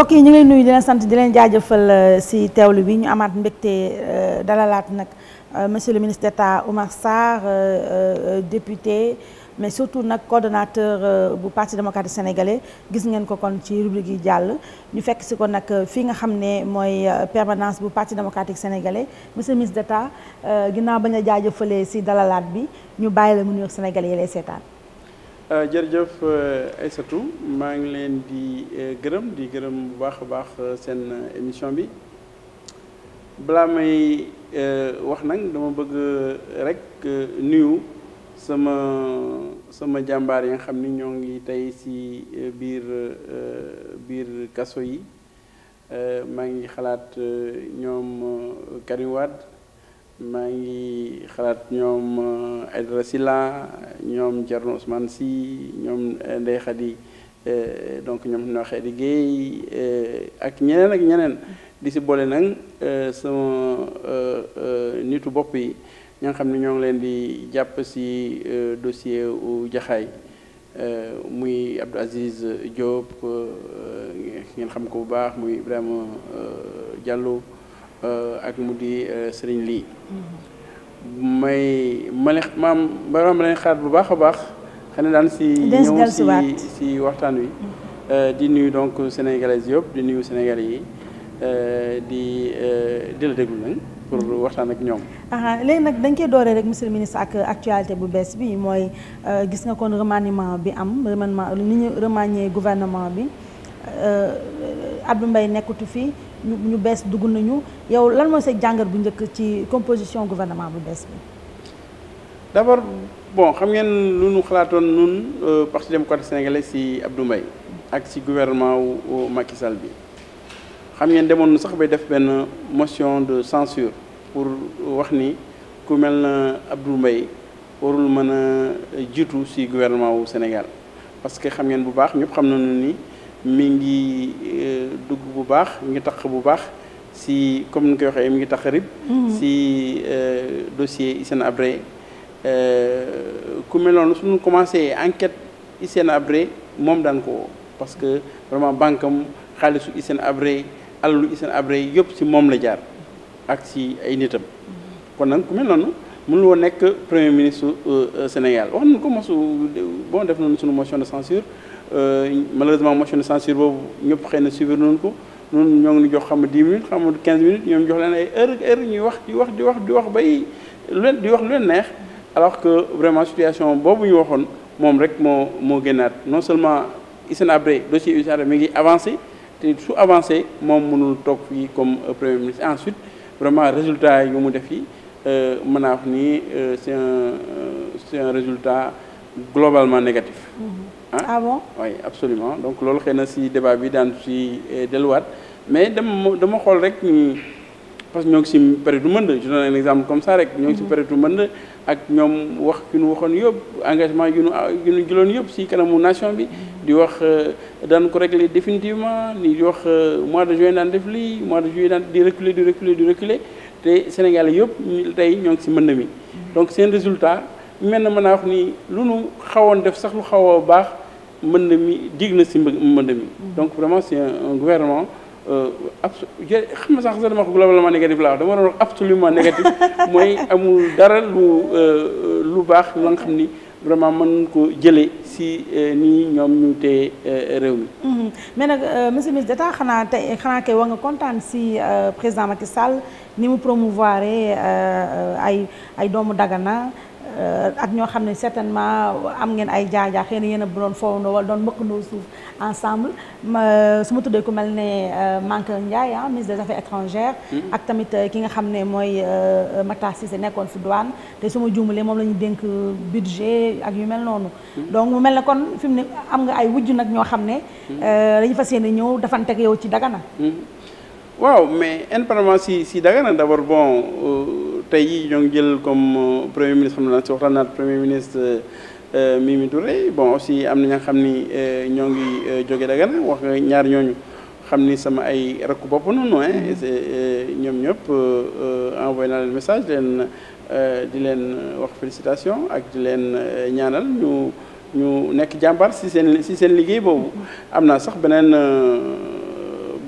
mbokk yi ñu ngi lay nuyu di leen sant di leen jaajëfal euh, si teewlu bi ñu amaat mbégte euh, dalalaat nag euh, monsieur le ministre d'État Oumar Sarr député mais surtout nag coordonnateur bu parti démocratique sénégalais gis ngeen ko kon ci rubrique yi jàll ñu fekk si ko nag fii nga xam ne mooy permanence bu parti démocratique sénégalais monsieur le ministre d'État ginnaaw bañ a jaajëfalee si dalalaat bi ñu bàyyi la mu nuyoog sénégalais yi lay seetaan. Euh, jërëjëf euh, Aïssatou maa ngi leen di euh, gërëm di gërëm bu baax a baax seen émission bi balaa may wax nag dama bëgg rek nuyu sama sama jàmbaar yi nga xam ni ñoo ngi tey ci biir biir kaso yi maa ngi xalaat ñoom Karim maa ngi xalaat ñoom eh, Aïdara Silla ñoom Thierno Ousmane si eh, eh, ñoom Ndeye Khady donc ñoom na xee di géey ak ñeneen ak ñeneen di si boole nag sama nitu bopp yi ñoo xam ni ñoo leen di jàpp si dossier u jaxaay muy Abdou Aziz Diop ngeen xam ko bu baax muy Ibrahima Diallo Euh, ak mu di euh, sëriñ lii may ma ne maam baro ma leen bu baax a baax xëy na daan si ñëw si si waxtaan wi euh, di nuyu donc sénégalais yëpp di nuyu sénégalais yi di di la déglu nañ pour mm-hmm. waxtaan ak ñoom. léegi nag dañ koy dooree rek monsieur le ministre ak actualité bu bees bi mooy gis na kon remaniement bi am remaniement ni ñu remanié gouvernement bi Abdou Mbaye nekkatu fi. ñu bees dugg nañu yow lan mooy sa jàngat bu njëkk ci composition gouvernement bu bees bi. d'abord bon xam ngeen lu ñu xalaatoon nun euh, parti démocratique sénégalais si Abdou Mbaye ak si gouvernement wu Macky Sall bi xam ngeen demoon nu sax bay def benn motion de censure pour wax ni ku mel na Abdou Mbaye warul mën a jiitu si gouvernement wu Sénégal parce que xam ngeen bu baax ñëpp xam nañu nii mi ngi euh, dugg bu baax mi ngi taq bu baax si comme ni nga koy waxee mi ngi taq rib mm-hmm. si euh, dossier Hissène Habré euh, ku mel noonu suñu commencé enquête Hissène Habré moom daan ko parce que vraiment banque am xaalisu Hissène Habré alalu Hissène Habré yëpp si moom la jaar ak si ay nitam mm-hmm. kon nag ku mel noonu mënul woon nekk premier ministre Sénégal wax nañu ko mosu bon def nañu sunu motion de censure Euh, malheureusement motion de censure boobu ñëpp xëy na suivre nañu ko noonu ñoo ngi jox xam 10 minutes xam 15 minutes ñoom jox leen ay heure heure ñuy wax di wax di wax di wax bay leen di wax lu leen neex alors que vraiment situation boobu ñu waxoon moom rek moo moo génnaat non seulement Hissène Habré dossier Hissène mi ngi avancé te su avancé moom mënul toog fii comme premier ministre ensuite vraiment résultat yu mu def yi euh, mën a wax ni euh, c'est un c'est résultat globalement négatif mm-hmm. ah bon oui absolument donc loolu xëy na si débat bi daan si eh, delluwaat mais dama dama xool rek parce que ñoo ngi si période du mënd je donne un exemple comme ça rek. ñoo ngi si mm-hmm. période du mënd ak ñoom wax yu ñu waxoon yëpp engagement yu ñu yu ah, ñu jëloon yëpp si kanamu nation bi. Mm-hmm. di wax eh, daan ko régler définitivement di wax eh, mois de juin daan def lii mois de juillet daan di reculer di reculer di reculer te Sénégal yëpp tey ñoo ngi si mënd mi. Mm-hmm. donc seen résultat mel na mën naa wax nii lu nu xawoon def sax lu xaw a baax. mbënd mi dig na si mbënd mi donc vraiment c'est un gouvernement euh, abs xam nga sax sax dama ko globalement négatif laa wax dama doon wax absolument négatif mooy amul dara lu euh, lu baax la nga xam ni vraiment mën ko jëlee si euh, nii ñoom ñu téye réew mi. Mm-hmm. mais nag monsieur le xanaa te xanaa kay war nga kontaan si président Macky Sall ni mu promouvoir ay ay doomu Dagana. Euh, ak ñoo xam ne certainement am ngeen ay jaajaa xëy na yéen a doon fowandoo wala doon mbëkkandoo suuf ensemble ma euh, su ma tuddee ku mel ne euh, manque Ndiaye ah ministre des affaires hmm. ak tamit ki nga xam ne mooy Matar Cissé nekkoon fi douane te su ma juumalee moom la ñu dénk budget ak yu mel noonu. Hmm. donc mu mel ne kon fi mu ne am nga ay wujj nag ñoo xam ne. Hmm. dañu fas yéene ñëw dafanteeg yow ci Dagana. waaw mais indépendamment si si Dagana d' abord bon euh, tey jii ñoo ngi jël comme euh, premier ministre xam naa si waxtaan naat premier ministre euh, Mimi Touré bon aussi am na ña nga xam ni ñoo ngi jóge Dagana wax nga ñaar ñooñu xam ni sama ay rakku bopp noonu hein mm-hmm. ñoom ñëpp envoyé naa leen message di leen di leen wax félicitation ak di leen ñaanal ñu ñu nekk jàmbar si seen si seen liggéey boobu mm-hmm. am naa sax beneen.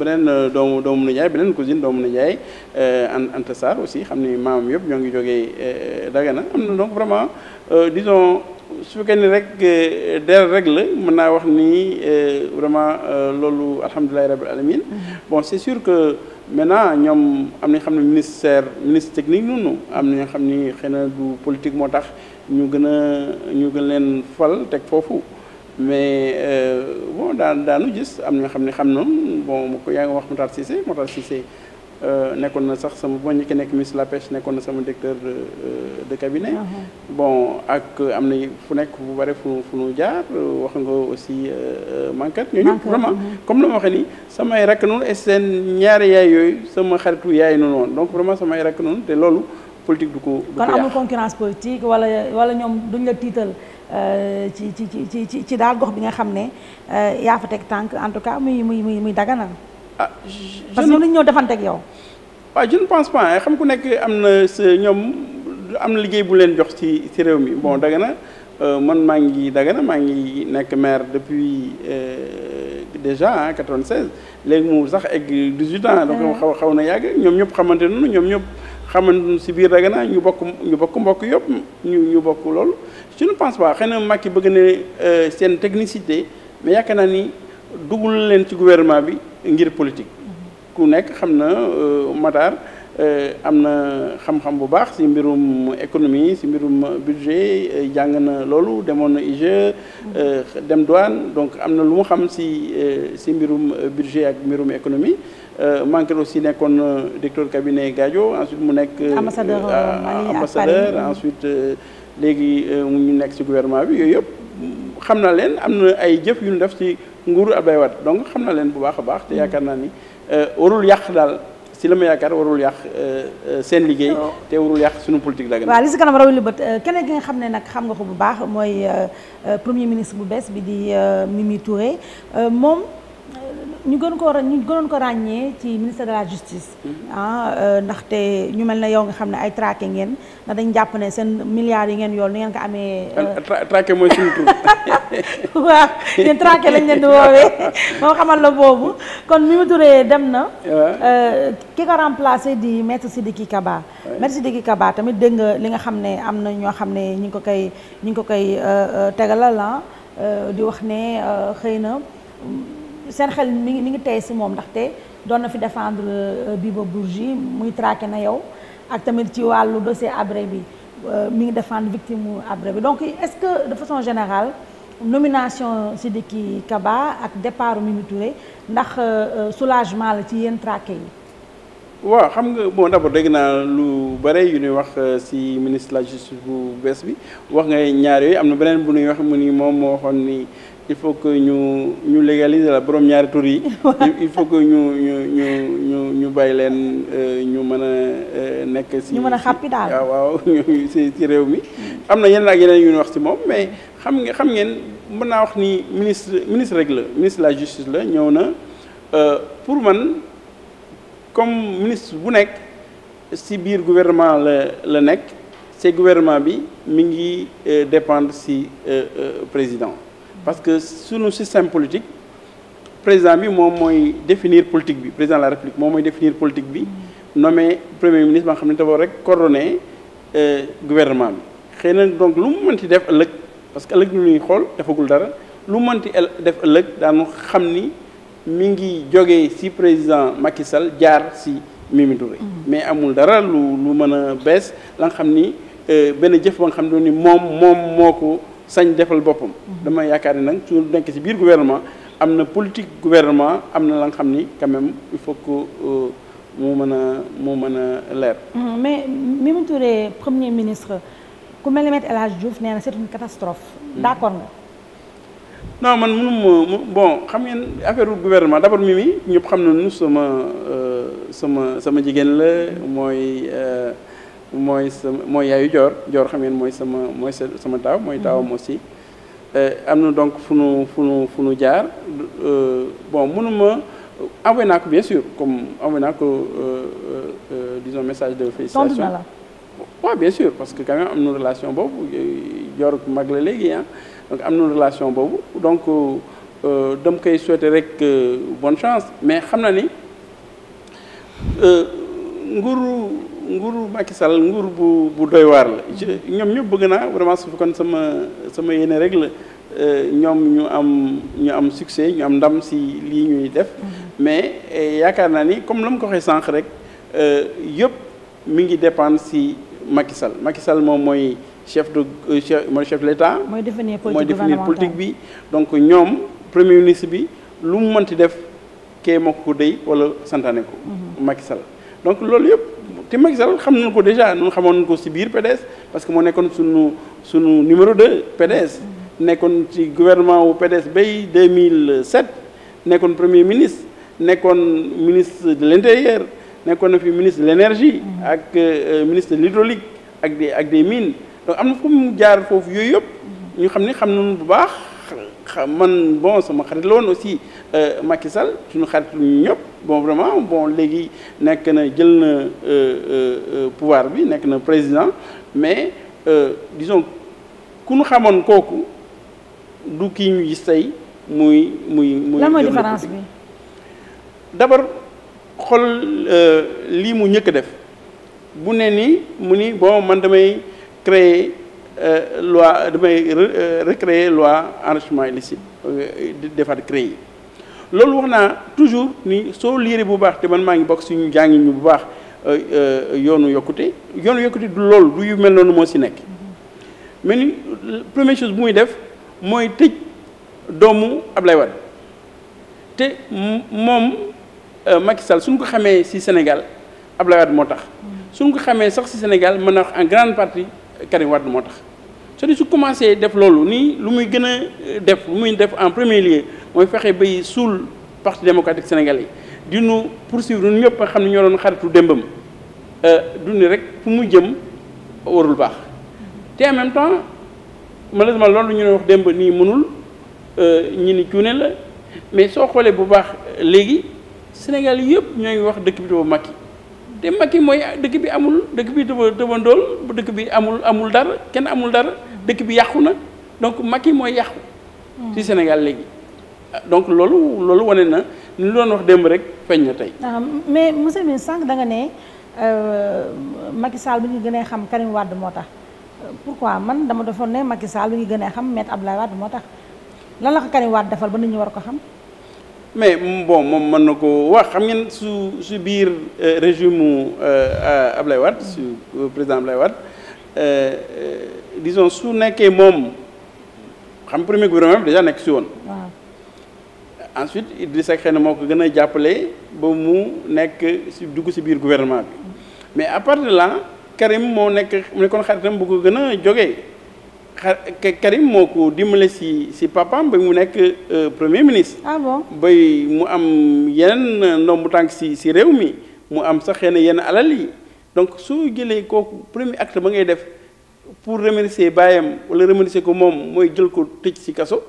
beneen euh, doomu doomu nijaay beneen cousine doomu nijaay euh, Anta Sarr aussi xam ni maamam yëpp ñoo ngi jógee euh, Dagana am na donc vraiment disons su fekkee ni rek der rek la mën naa wax ni vraiment loolu alhamdulilahi rabil alamin bon c'est sûr que maintenant ñoom am na xam ne ministère ministre technique noonu am na xam ni xëy du politique moo tax ñu gën a ñu gën leen fal teg foofu mais euh, bon daan daanu jis am na ñoo xam ne xam na bon ko yaa nga wax Matar Cissé Matar Cissé euh, nekkoon na sax sama bon ñi ki nekk ministre de la pêche nekkoon na sama directeur de euh, cabinet uh-huh. bon ak am na fu nekk bu bare fu fu nu jaar wax nga aussi manquat ñoo ñëpp vraiment uh-huh. comme la ma waxee ni samay rakk noonu et seen ñaari yaay yooyu sama xaritu yaay noonu woon donc vraiment samay rakk noonu te loolu politique du ko. du ko kon amul concurrence politique wala wala ñoom duñ la tiital euh, ci ci ci ci ci daal gox bi nga xam ne euh, yaa fa teg tànk en tout cas muy muy muy muy daganal. ah je parce que mënuñ ñëw defanteeg yow. waaw ah, je ne pense pas xam ku nekk am na sa ñoom am na liggéey bu leen jox ci ci réew mi bon Dagana euh, man maa ngi Dagana maa ngi nekk maire depuis déjà ah 96 léegi mu sax egg 18 ans. donc xaw xaw na yàgg ñoom ñëpp xamante noonu ñoom ñëpp. xamante si biir Dagana ñu bokk ñu bokk mbokk yëpp ñu ñu bokk loolu je ne pense pas xëy na Macky bëgg ne euh, seen technicité mais yaakaar naa ni duggul leen ci gouvernement bi ngir politique ku nekk xam na euh, Matar euh, am na xam-xam bu baax si mbirum économie si mbirum budget jàng na loolu demoon na IGE dem douane donc am na lu mu xam si si mbirum budget ak mbirum économie Euh, Mankeur si nekkoon euh, directeur cabinet Gadio ensuite mu nekk. Euh, ambassadeur ambassadeur ensuite léegi mu nekk ci gouvernement bi yooyu yëpp xam na leen am na ay jëf yu ñu def ci nguuru Abdoulaye Wade donc xam na leen bu baax a baax te yaakaar naa ni warul yàq daal. si la ma yaakaar warul yàq seen liggéey. Oh. te warul yàq sunu politique la. waaw li si kanam rawul bët keneen ki nga xam ne nag xam nga ko bu baax mooy premier ministre bu bees bi di Mimi Touré moom ñu gën ko ñu gënoon ko ràññee ci ministère de la justice. Mm-hmm. ah euh, ndaxte ñu mel na yow nga xam ne ay traqué ngeen ndax dañ jàpp ne seen milliards yi ngeen yoon ni ngeen ko amee. Euh, traqué mooy suñu tur. waaw yéen traqué lañ leen di woowee moo xamal la boobu kon Mimi Touré dem na. Euh, ki ko remplacé di maître Sidiki Kaba. maître Sidiki Kaba tamit dégg nga li nga xam ne am na ñoo xam ne ñu ngi ko koy ñu ngi ko koy tegalal ah di wax ne xëy na. seen xel mi ngi mi ngi tey si moom ndaxte doon na fi defendre défendre euh, Bibo Bourgi muy traqué na yow ak tamit ci wàllu dossier Habré bi euh, mi ngi défendre victime mu Habré bi donc est-ce que de façon générale nomination Sidiki Kaba ak mi Mimi Touré ndax euh, soulagement la ci yéen traqué yi. waaw xam nga bon d'abord dégg naa lu bare yu nuy wax ci ministre de la justice bu bees bi wax nga ñaar yooyu am na beneen bu ñuy wax mu ni moom moo waxoon ni. il faut que ñu ñu légaliser la borom ñaari tur yi. il faut que ñu ñu ñu ñu ñu bàyyi leen euh, ñu mën a euh, nekk si. ñu mën a xàppi ah, waaw waaw réew mi. am na yenn ak yeneen yu ñu wax si moom mais xam nga xam ngeen mën naa wax ni ministre ministre rek la ministre la justice la ñëw na euh, pour man comme ministre bu nekk si biir gouvernement la la nekk. c'est gouvernement bi mi ngi dépendre si président. parce que suñu système politique président bi moom mooy définir politique bi président de la république moom mooy définir politique bi nommé premier ministre ba nga xam ne dafa rek coordonné euh, gouvernement bi xëy na donc lu mu mënti def ëllëg parce que ëllëg ñu ñuy xool defagul dara lu mënti def ëllëg daanu xam ni mi ngi jóge ci président Macky Sall jaar ci Mimi Touré mm-hmm. mais amul dara lu lu mën a bees la nga xam ni euh, benn jëf ba nga xam ne ni moom moom moo ko sañ defal boppam. dama yaakaar ne nag su nekk ci biir gouvernement am na politique gouvernement am na la nga xam ni quand même il faut que. Euh, mu mën a mu mën a leer. mais mu Touré premier ministre ku mel ni Me El Hadji Diouf nee na c'est une catastrophe. d'accord nga. non man mënuma bon xam ngeen affaire gouvernement d'abord Mimi ñëpp xam na nañu sama euh, sama sama jigéen la mooy. Euh, mooy sama mooy yaayu joor joor xam ngeen mooy sama mooy sama taaw mooy taawam mm-hmm. aussi eh, am na donc fu nu fu nu fu nu jaar euh, bon mënuma euh, envoyé naa ko bien sûr comme envoyé naa ko euh, disons message de félicitation waaw bien sûr parce que quand am na relation boobu joor mag la léegi ah donc am na relation boobu donc dam koy souhaiter rek bonne chance mais xam na ni nguuru nguuru Macky Sall nguur bu bu doy waar la ñoom ñëpp bëgg naa vraiment su fekkoon sama sama yéene rek la euh, ñoom ñu am ñu am succès ñu am ndam si lii ñuy def mm-hmm. mais euh, yaakaar naa ni comme la mu ko waxee sànq rek euh, yëpp mu ngi dépendre si Macky Sall Macky moom mooy chef de chef mooy chef de l'État mooy définir politique bi donc ñoom premier ministre bi lu mu mënti def kee moo ko ko wala santaane ko mm-hmm. Macky Sall donc loolu yëpp te Macky Sall xam nañu ko déjà ñun xamoon nañu ko si biir PDS parce que moo nekkoon sunu sunu numéro 2 PDS. nekkoon ci gouvernement wu PDS bay 2007 nekkoon premier ministre nekkoon ministre de l'intérieur nekkoon na fi ministre de l'énergie. Mm-hmm. ak euh, euh, ministre de l'hydraulique ak des ak des mines donc am na fu mu jaar foofu yooyu yëpp. Mm-hmm. ñu xam ne xam nu bu baax man bon sama xarit la woon aussi euh, Macky Sall suñu xarit lu ñëpp. bon vraiment bon léegi nekk na jël na pouvoir bi nekk na président mais disons ku nu xamoon kooku du kii ñu gis muy muy muy lan mooy xol bi lii mu ñëkk def bu ne nii mu ni bon man damay créer loi damay recréer loi enrichissement illicite defaat créer loolu wax naa toujours ni soo liiree bu baax te man maa ngi bokk suñu jàngi ñu bu baax euh, euh, yoonu yokkute yoonu yokkute du loolu du yu mel noonu moo si nekk mais ni première chose bu muy def mooy tëj doomu Ablaye Wade te moom euh, Macky Sall suñ ko xamee si Sénégal Ablaye Wade moo tax suñ ko xamee sax si Sénégal mën na wax en grande partie Karim Wade moo tax cest à su commencé def loolu nii lu muy gën a euh, def lu muy def en premier lieu mooy fexe bay suul parti démocratique sénégalais yi di nu poursuivre ñun ñëpp xam ne ñoo doon xaritu démbam euh, du ni rek fu mu jëm warul baax te en même temps malheureusement loolu ñu doon wax démb nii mënul euh, ñi ni cuune la mais soo xoolee bu baax léegi Sénégal yëpp ñooy wax dëkk bi dafa Macky te Macky mooy dëkk bi amul dëkk bi dafa dafa dëkk bi amul amul dara kenn amul dara. dëkk bi yàqu na donc Macky mooy yàqu. ci hmm. Sénégal léegi. donc loolu loolu wane na ni ñu wax démb rek feeñ na tey. Ah, mais monsieur mi sànq da nga ne euh, Macky Sall bi ñu gën a xam Karim Wade moo tax pourquoi man dama defoon ne Macky Sall bi ñu gën a xam Maître Abdoulaye Wade moo tax lan la ko Karim defal ba nit ñi war ko xam. mais bon moom mën na ko wax xam ngeen su su biir euh, régime mu euh, Abdoulaye wat su président lay Wade. dison su nekkee moom xam premier gouvernement bi déjà nekk si woon. ensuite Idrissa Seck xëy na moo ko gën a jàppale ba mu nekk si dugg si biir gouvernement bi mais à part de là Karim moo nekk nekkoon xaritam bu ko gën a jógee xar moo ko dimbale si si papaam ba mu nekk euh, premier ministre. ah bon bay mu am yeneen ndombu tànk si si réew mi mu am sax xëy na yenn alal yi donc su jëlee kooku premier acte ba ngay def. pour remercier baayam wala remercier ko moom mooy jël ko tëj ci kaso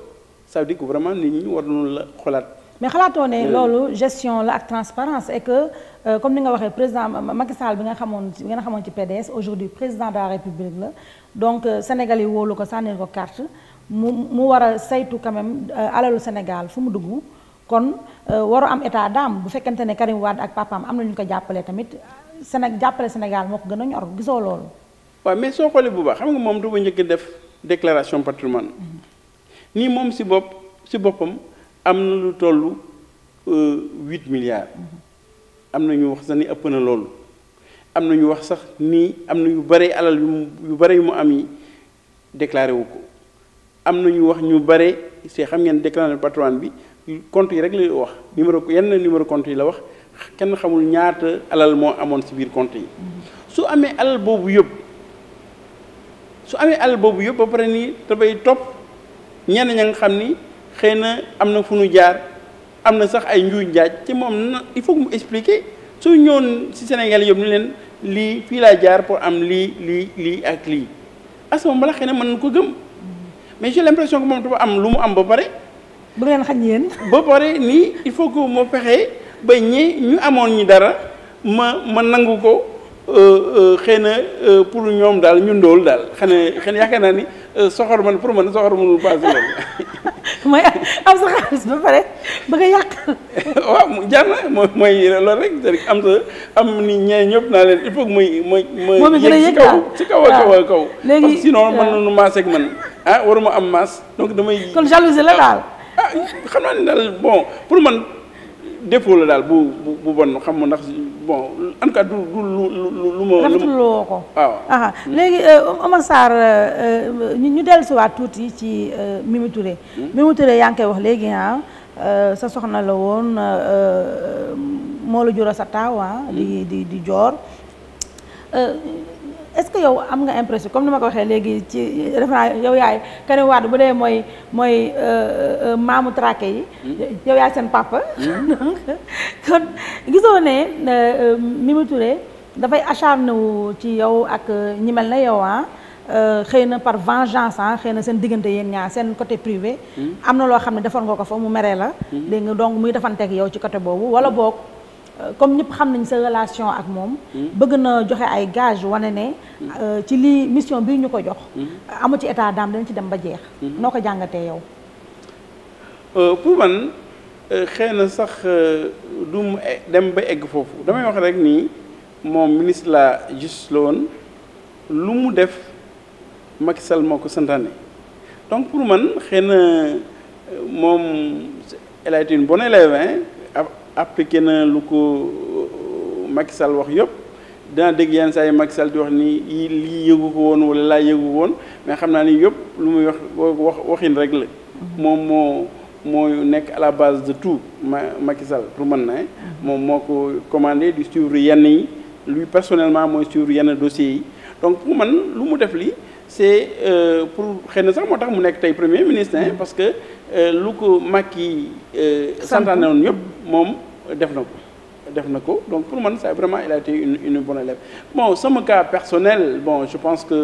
ça veut dire que vraiment nit ñi war nañu la xolaat. mais xalaatoo ne euh. loolu gestion la ak transparence et que euh, comme ni nga waxee président Macky Sall bi nga xamoon bi xamoon ci PDS aujourd'hui président de la République la donc euh, Sénégal yi wóolu ko sànni ko carte mu mu war saytu quand même euh, alalu Sénégal fu mu dugg kon euh, waru am état d'âme bu fekkante ne Karim Wade ak papaam am na ñu ko jàppale tamit Séné jàppale Sénégal moo gën a ñor gisoo loolu. waa mais soo xoolee bu baax xam nga moom dafa njëkk def déclaration patrimoine mm-hmm. nii moom si bopp si boppam am na lu toll euh, huit milliards mm-hmm. am na ñu wax sax ni ëpp na loolu am na ñu wax sax nii am na yu bare alal yu bare yu mu am yi déclaré wu ko am na ñu wax ñu bare c'est xam ngeen déclaré patrimoine bi compte yi rek la wax numéro yenn numéro compte yi la wax kenn xamul ñaata alal moo amoon si biir compte yi mm-hmm. su amee alal boobu yëpp. su amee àll boobu yëpp ba pare nii dafay topp ñenn ña nga xam ni xëy na am na fu nu jaar am na sax ay njuuj njaaj ci moom na il faut que mu expliquer su ñëwoon si Sénégal yëpp ni leen lii fii laa jaar pour am lii lii lii ak lii asama bala xëy na mën nañu ko gëm mais j'ai l'impression que moom dafa am lu mu am ba pare. bu leen xañ yéen. ba pare nii il faut que moo fexe ba ñi ñu amoon ñu dara ma ma nangu ko. Euh, euh, xëy na euh, pour ñoom daal ñun ndóol daal xanaa xanaa yaakaar naa ni soxor man pour man soxor mënul paase loolu. mooy ba pare ba nga yàq. waaw jaar na mooy mooy loolu rek c'est am sa am ni ñee ñëpp naa leen il faut que muy muy. moom it ci kaw ci kaw kaw a kaw. léegi sinon mën nañu maase ak man ah waruma am maas donc damay. kon jalousie la daal. ah, ah xam naa ne daal bon pour man défaut la daal bu bon xam nga ndax. bon en tout cas du du lu lu lu ma. rafetuloo ko waaw. léegi euh, Omar Sarr euh, euh, ñu dellusiwaat tuuti ci Mimi Touré. Hmm? Mimi Touré yaa ngi koy wax léegi ah sa soxna la woon moo la jural sa taaw ah, di di di joor. est-ce que yow am nga impression comme ni ma ko waxee léegi ci defe naa yaay Karim Wade bu dee mooy mooy euh, euh, euh, maamu traqué yi. Hmm. yow yaay seen papa. Hmm. kon gisoo ne Mimi Touré dafay acharné ci yow ak ñi mel na yow ah xëy na par vengeance ah xëy na seen diggante yéen ñaar seen côté privé. Hmm. am na loo xam ne defoon nga ko fa mu meree la. dégg nga donc muy defanteeg yow ci côté boobu wala book Euh, comme ñëpp xam nañ sa relation ak moom. Hmm. bëgg na joxe ay gage wane ne. Hmm. Euh, ci lii mission bii ñu ko jox. Hmm. amu ci état d'âme dañ ci dem ba jeex. noo ko jàngatee yow. Euh, pour man xëy na sax du mu e-, dem ba egg foofu damay wax rek nii moom ministre la juste lu mu def Macky Sall moo ko santaane donc pour man xëy na moom elle a été une bonne élève hein appliqué na lu ko euh, Macky Sall wax yëpp dina dégg yenn saa yi Macky Sall di wax ni lii yëgu ko woon wala laa yëgu woon mais xam naa ni yëpp lu muy wax wax waxin rek la. moom moo mooy nekk à la base de tout ma Macky Sall pour man na moom moo ko commandé di suivre yenn yi lui personnellement mooy suivre yenn dossiers yi donc pour man lu mu def lii. c'est euh, pour xëy na sax moo tax mu nekk tey premier ministre hein, parce que euh, lu ko Macky euh, santaane woon yëpp moom def na ko def na ko donc pour man ça vraiment il a été une une bonne élève bon sama cas personnel bon je pense que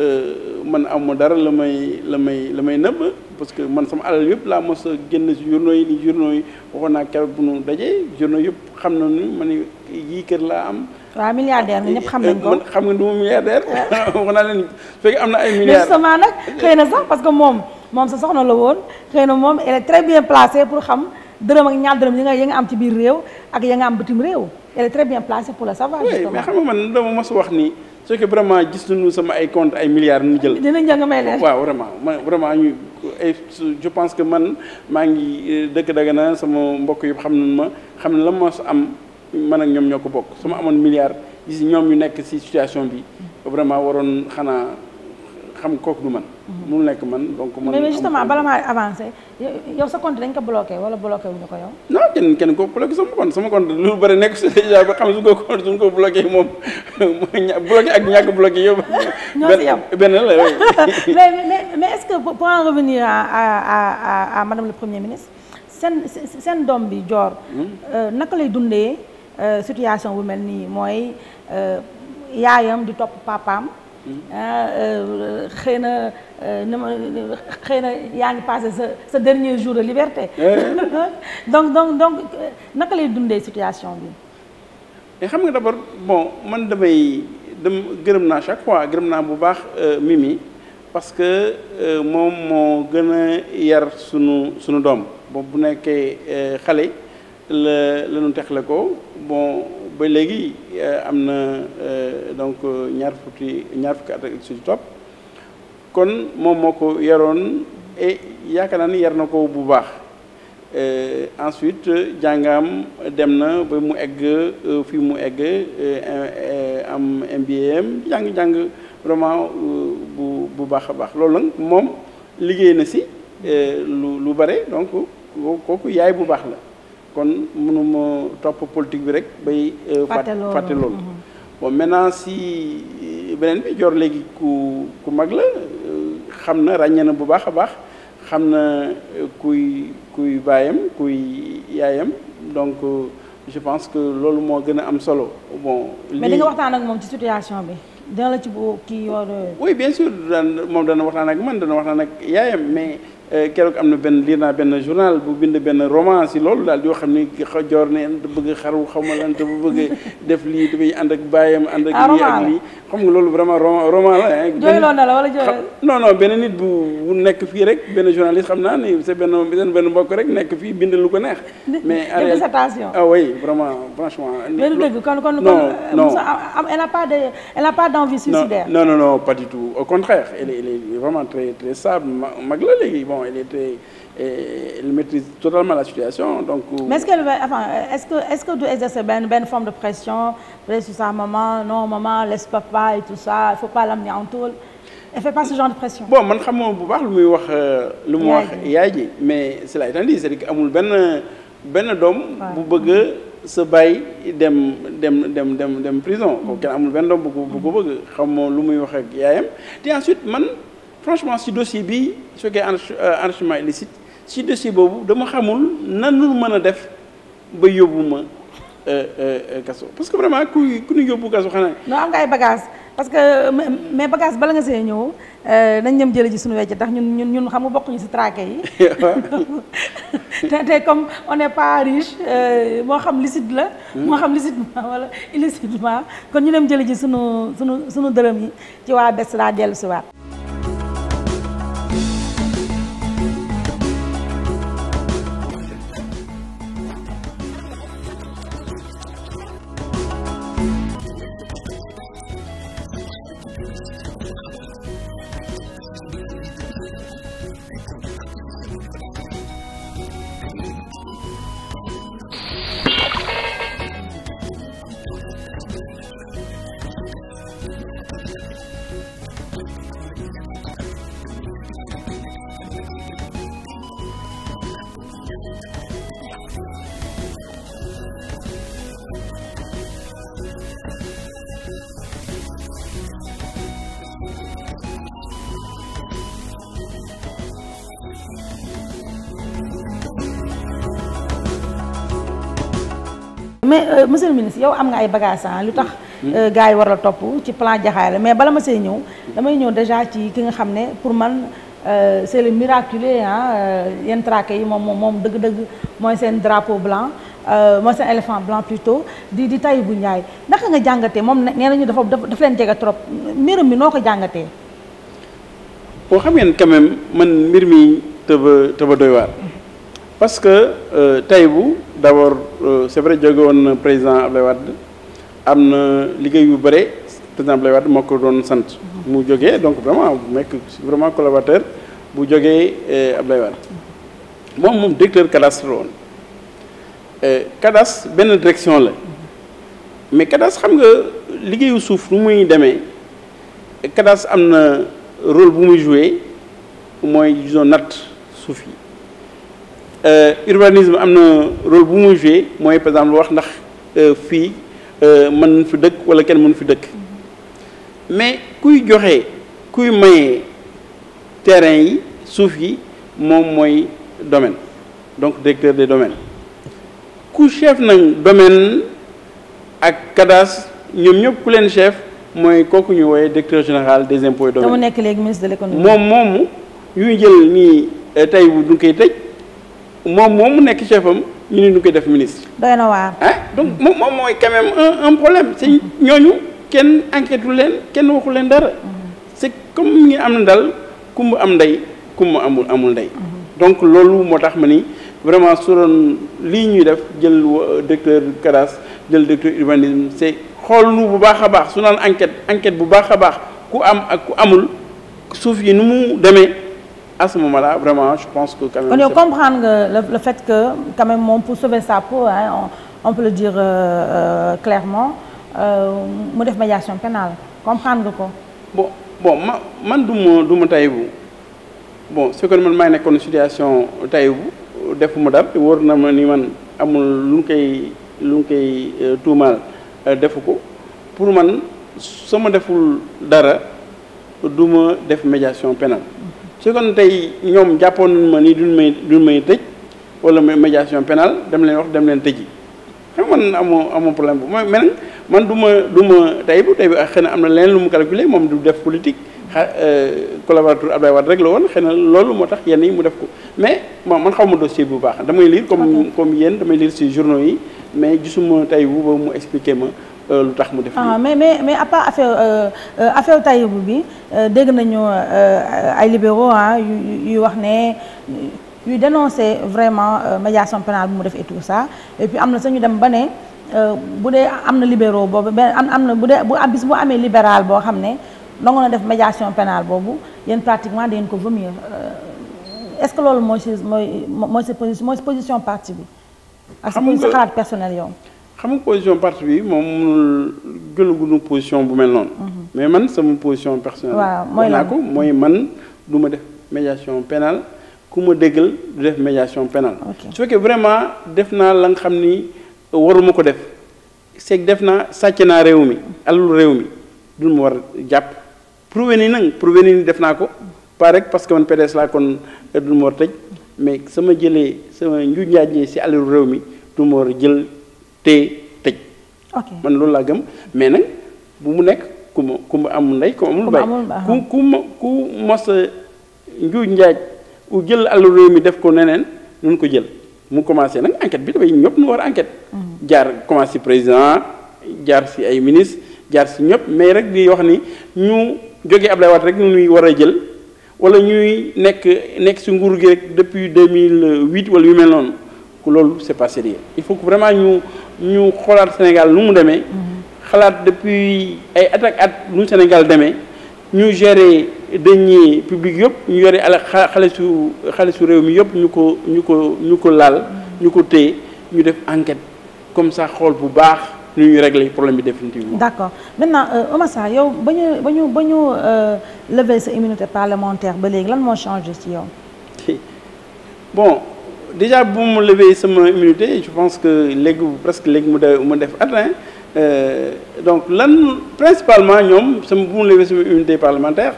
euh, man amu dara la may la may la may nëbb parce que man sama alal yëpp laa mos a génn journaux yi ni journaux yi waxoon naa keroog bu nu dajee journaux yëpp xam nañu man yii kër laa am. waaw milliardaire nga ñëpp xam nañ ko eh, xam nga wax naa leen fekk am na ay. milliards justement nag na sax parce moom moom sa soxna la woon xëy na moom elle est très bien placée pour xam dërëm ak ñaar dërëm yi nga am ci biir réew ak ya nga am bitim réew elle est xam nga man dama mos wax ni. ce que vraiment gis nañu sama ay compte ay milliards ñu jël. dinañ njàng may leen waaw vraiment man vraiment ñu je pense que man maa ngi eh, dëkk Dagana sama mbokk yëpp xam nañu ma xam ne la mos am. man ak ñoom ñoo ko bokk su ma amoon milliard gis ñoom ñu nekk ci situation bi vraiment waroon xanaa xam kooku du man mhm. mu nekk man donc man mais justement bala maa avancé yow sa compte dañ ko bloqué wala bloqué wuñu ko yow non kenn kenn ko bloqué sama compte sama compte lu bëri nekk si déjà ba xam suñ ko compte suñ ko bloqué moom bloqué ak ñàkk bloqué yow ñoo si yem benn la mais mais est-ce que pour en revenir à à à à madame le premier ministre seen seen doom bi joor hmm? euh, naka lay dundee Euh, situation bu mel nii mooy euh, yaayam di topp papaam. Mm-hmm. Ah, euh, xëy na ni xëy na yaa ngi passé sa dernier jour de liberté. Eh. donc donc donc naka lay dundee situation bi. mais xam nga d' abord bon man damay dem gërëm naa chaque fois gërëm naa bu baax Mimi parce que moom moo gën a yar sunu sunu doom boobu bu nekkee xale. la la ñu teqale ko bon ba léegi euh, am na euh, donc ñaar fukki ñaar fukki at ak suñu topp kon moom moo ko yaroon et yaakaar naa ni yar na ko bu baax euh, ensuite jàngam dem na ba mu egg fi mu egg am MBA am jàng jàng vraiment bu bu baax a baax loolu nag moom liggéey na si lu lu bare donc kooku yaay bu baax la. kon mënuma topp politique bi rek bay euh, fàtte loolu mhm. bon maintenant si euh, beneen bi jor léegi ku ku mag la euh, xam na ràññee na bu baax a baax xam na kuy kuy baayam kuy yaayam donc je pense que loolu moo gën a am solo bon. lii mais di nga waxtaan ak moom ci situation bi. dina la ci kii yor. oui bien sûr daan moom dana waxtaan ak man dana waxtaan ak yaayam mais. Eh, keroog am na benn lii naa benn journal bu bind benn roman si loolu daal yoo xam ni joor ne bëgg xaru xaw ma lan te bu bëgg def lii dafay ànd ak bàyyam ànd ak ah, lii ak lii xam nga loolu vraiment roman la jooyloo na non non nekk fii rek benn journaliste xam naa ni c'est benn seen benn mbokk rek nekk fii bind lu ko neex mais attention ah oui vraiment franchement lu dëgg kon kon non euh, ah, ah, elle pas du tout au contraire elle est très très sable mag la léegi bon, elle était, euh, elle maîtrise totalement la situation donc. Euh, mais est-ce que enfin, est-ce que est-ce que du exercer benn benn forme de pression peut-être sa maman non maman laisse papa et tout ça il faut pas l'amener en tôle elle fait pas ce genre de pression. bon man xam nga bu baax lu muy wax. Euh, lu mu wax yaay ji mais cela étant dit c'est-à-dire que amul benn benn doom. bu bëgg mm-hmm. sa bàyyi dem dem dem dem dem prison. kooku kenn amul benn doom bu ko bu ko bëgg xam lu muy wax te ensuite man. franchement si dossier bi su fekkee euh, enrichissement illicite si dossier boobu dama xamul nan nu mën a def ba yóbbu ma euh, euh, kaso parce que vraiment ku ku ñu yóbbu kaso xanaa. non am ay bagages parce que mais bagages bala nga see ñëw nañ dem jële ji suñu wecc ndax ñun ñun ñun xam nga bokkuñu si traake yi. te te comme on n'est pas riche moo xam licite la. moo xam licitement wala illicitement kon ñu dem jële ji sunu sunu sunu dërëm yi ci waa bes laa dellu si waat mais euh, monsieur le ministre yow am nga ay bagages lu tax. Euh, gars yi war la topp ci plan Jaxaay la mais bala ma see ñëw. damay ñëw déjà ci ki nga xam ne pour man euh, c'est le miraculé ah yenn traqué yi moom moom dëgg-dëgg mooy seen drapeau blanc. mooy seen éléphant blanc plutôt di bu Tahibou ndax naka nga jàngatee moom nee nañu dafa daf leen jege trop mbirum mi noo ko jàngatee. boo xam ngeen quand même man mbir mi tëba tëba doy waar. parce que euh, Taïbu d'abord euh, c'est vrai jóge woon président Ablaye Wade am na liggéey yu bare président Ablaye Wade moo ko doon sant mu jógee donc vraiment nekk vraiment collaborateur bu jógee euh, Ablaye moom moom directeur cadastre woon cadastre benn direction la mais cadastre xam nga liggéeyu suuf lu muy demee cadastre am na rôle bu muy joué mooy disons natt suuf yi Euh, urbanisme am na rôle bu muy joué mooy par exemple wax ndax euh, fii euh, mën nañ fi dëkk wala kenn mën fi dëkk mais kuy joxe kuy maye terrain yi suuf yi moom mooy domaine donc directeur des domaines ku chef nag domaine ak cadastre ñoom ñëpp ku leen chef mooy kooku ñu wooyee directeur général des impôts et mu nekk léegi ministre de l'économie. moom moomu yu jël nii tey bu du koy tëj. moom moom mu nekk chef am ñu ne ñu koy def ministre. doy na waar. ah donc moom moom mooy quand même un un problème si ñooñu kenn enquête lu leen kenn waxu leen dara. Mm-hmm. se comme mi ngi am na dal ku am ndey ku amul amul ndey. Mm-hmm. donc loolu moo tax ma ni vraiment su doon lii ñuy def jël euh, directeur CADAS jël directeur urbanisme se xool nu bu baax a baax su naan enquête enquête bu baax a baax ku am ak ku amul suuf yi nu mu demee. à ce moment vraiment je pense que. quand même le, le que quand moom pour sauver sa peau hein, on, on euh, euh, clairement euh, mu def médiation pénale comprendre nga ko. bon bon man du ma du ma Tahibou bon su ko man maa ngi nekkoon situation Tahibou defu dara te wóor na ma ni man amul lu ñu koy lu ñu koy tuumaal defu ko pour man ma deful dara du ma def médiation pénale su kon tey ñoom jàppoon nañu ma ni duñ may duñ may tëj wala médiation pénale dem leen wax dem leen tëji xam man amoo amoo problème bu mooy mais man du ma du ma tey bu xëy na am na leneen lu mu calculé moom du def politique xa euh, collaborateur Abdoulaye Wade rek la woon xëy na loolu moo tax yenn yi mu def ko mais bon man xaw ma dossier bu baax damay liir comme comme yéen damay lire ci journaux yi mais gisuma tey bu ba mu expliqué ma Euh, lu tax mu def. ah mais mais mais à part affaire euh, euh, affaire Tahirou bi dégg nañu ay libéraux ah yu yu wax ne. yuy dénoncer vraiment euh, médiation pénale bu mu def et tout ça et am na sañu dem ba ne bu dee am na libéraux boobu benn am am na bu dee bu am bis bu amee libéral boo xam ne nangu na def médiation pénale boobu yéen pratiquement da yenn ko vomir est-ce loolu mooy si mooy mooy sa position mooy position parti bi ak sa xalaat personnel yow xam nga position parti bi moom mënul jëlaguñu position bu mel noonu. Mhm. mais man sama position personnelle. waaw mooy naa ko mooy man du ma def médiation pénale ku ma déggal du def médiation pénale. su fekkee vraiment def naa la xam ni waruma ko def c'est def naa sàcc naa réew mi alalu réew mi du ma war jàpp proveni ni nag prouvé def naa ko pas rek parce que man PDS laa kon du ma war tëj mais sama jëlee sama nju njaajee si alalu réew mi du ma war jël. téye tëj. man loolu laa gëm mais nag bu mu nekk ku ma ku ma amul ndey ku amul baay ku ku ma ku mos njuuj njaaj u jël àll réew mi def ko neneen nun ko jël mu commencé nag enquête bi dafay ñëpp nu war a enquête. Mhm. jaar commencé président jaar si ay ministre jaar si ñëpp mais rek di wax ni ñu jógee Ablaye Wade rek ñuy war a jël wala ñuy nekk nekk si nguur gi rek depuis 2008 wala yu mel noonu. loolu c'est pas sérieux il faut que vraiment ñu ñu xoolaat Sénégal lu mu demee xalaat depuis ay at at lu Sénégal demee ñu gérer deniers publics yëpp ñu yore ala xaalisu xaalisu réew mi yëpp ñu ko ñu ko ñu ko laal ñu ko téye ñu def enquete comme ça xool bu baax ñu ñu régler problème bi définitivement. d'accord maintenant euh, Oumar Sarr yow ba ñu ba ñu ba ñu euh, lever sa immunité parlementaire ba léegi lan moo changé ci yow. bon. déjà bu mu lever sama immunité je pense que léegi presque léegi mu de mu def atteint euh, donc lan principalement ñoom sama bu mu lever sama immunité parlementaire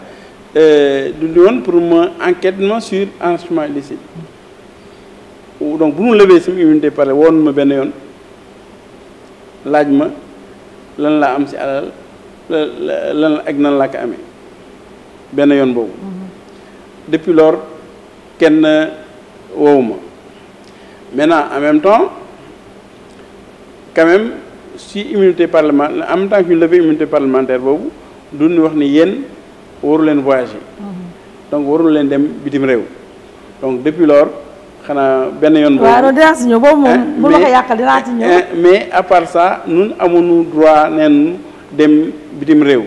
euh, du doon pour ma enquête ma sur enrichissement illicite donc bu mu lever sama immunité pare woon ma benn yoon laaj ma lan laa am si alal lan ak nan laa ko amee benn yoon boobu mm-hmm. depuis lors kenn woowu ma maintenant en même temps quand même si immunité parlementaire en même temps que ñu levee immunité parlementaire boobu duñu wax ni yéen waru leen voyager mhm. donc waru leen dem bitim réew donc depuis lors xanaa benn yoon. boobu mais à part ça amu amuñu droit neen dem bitim réew.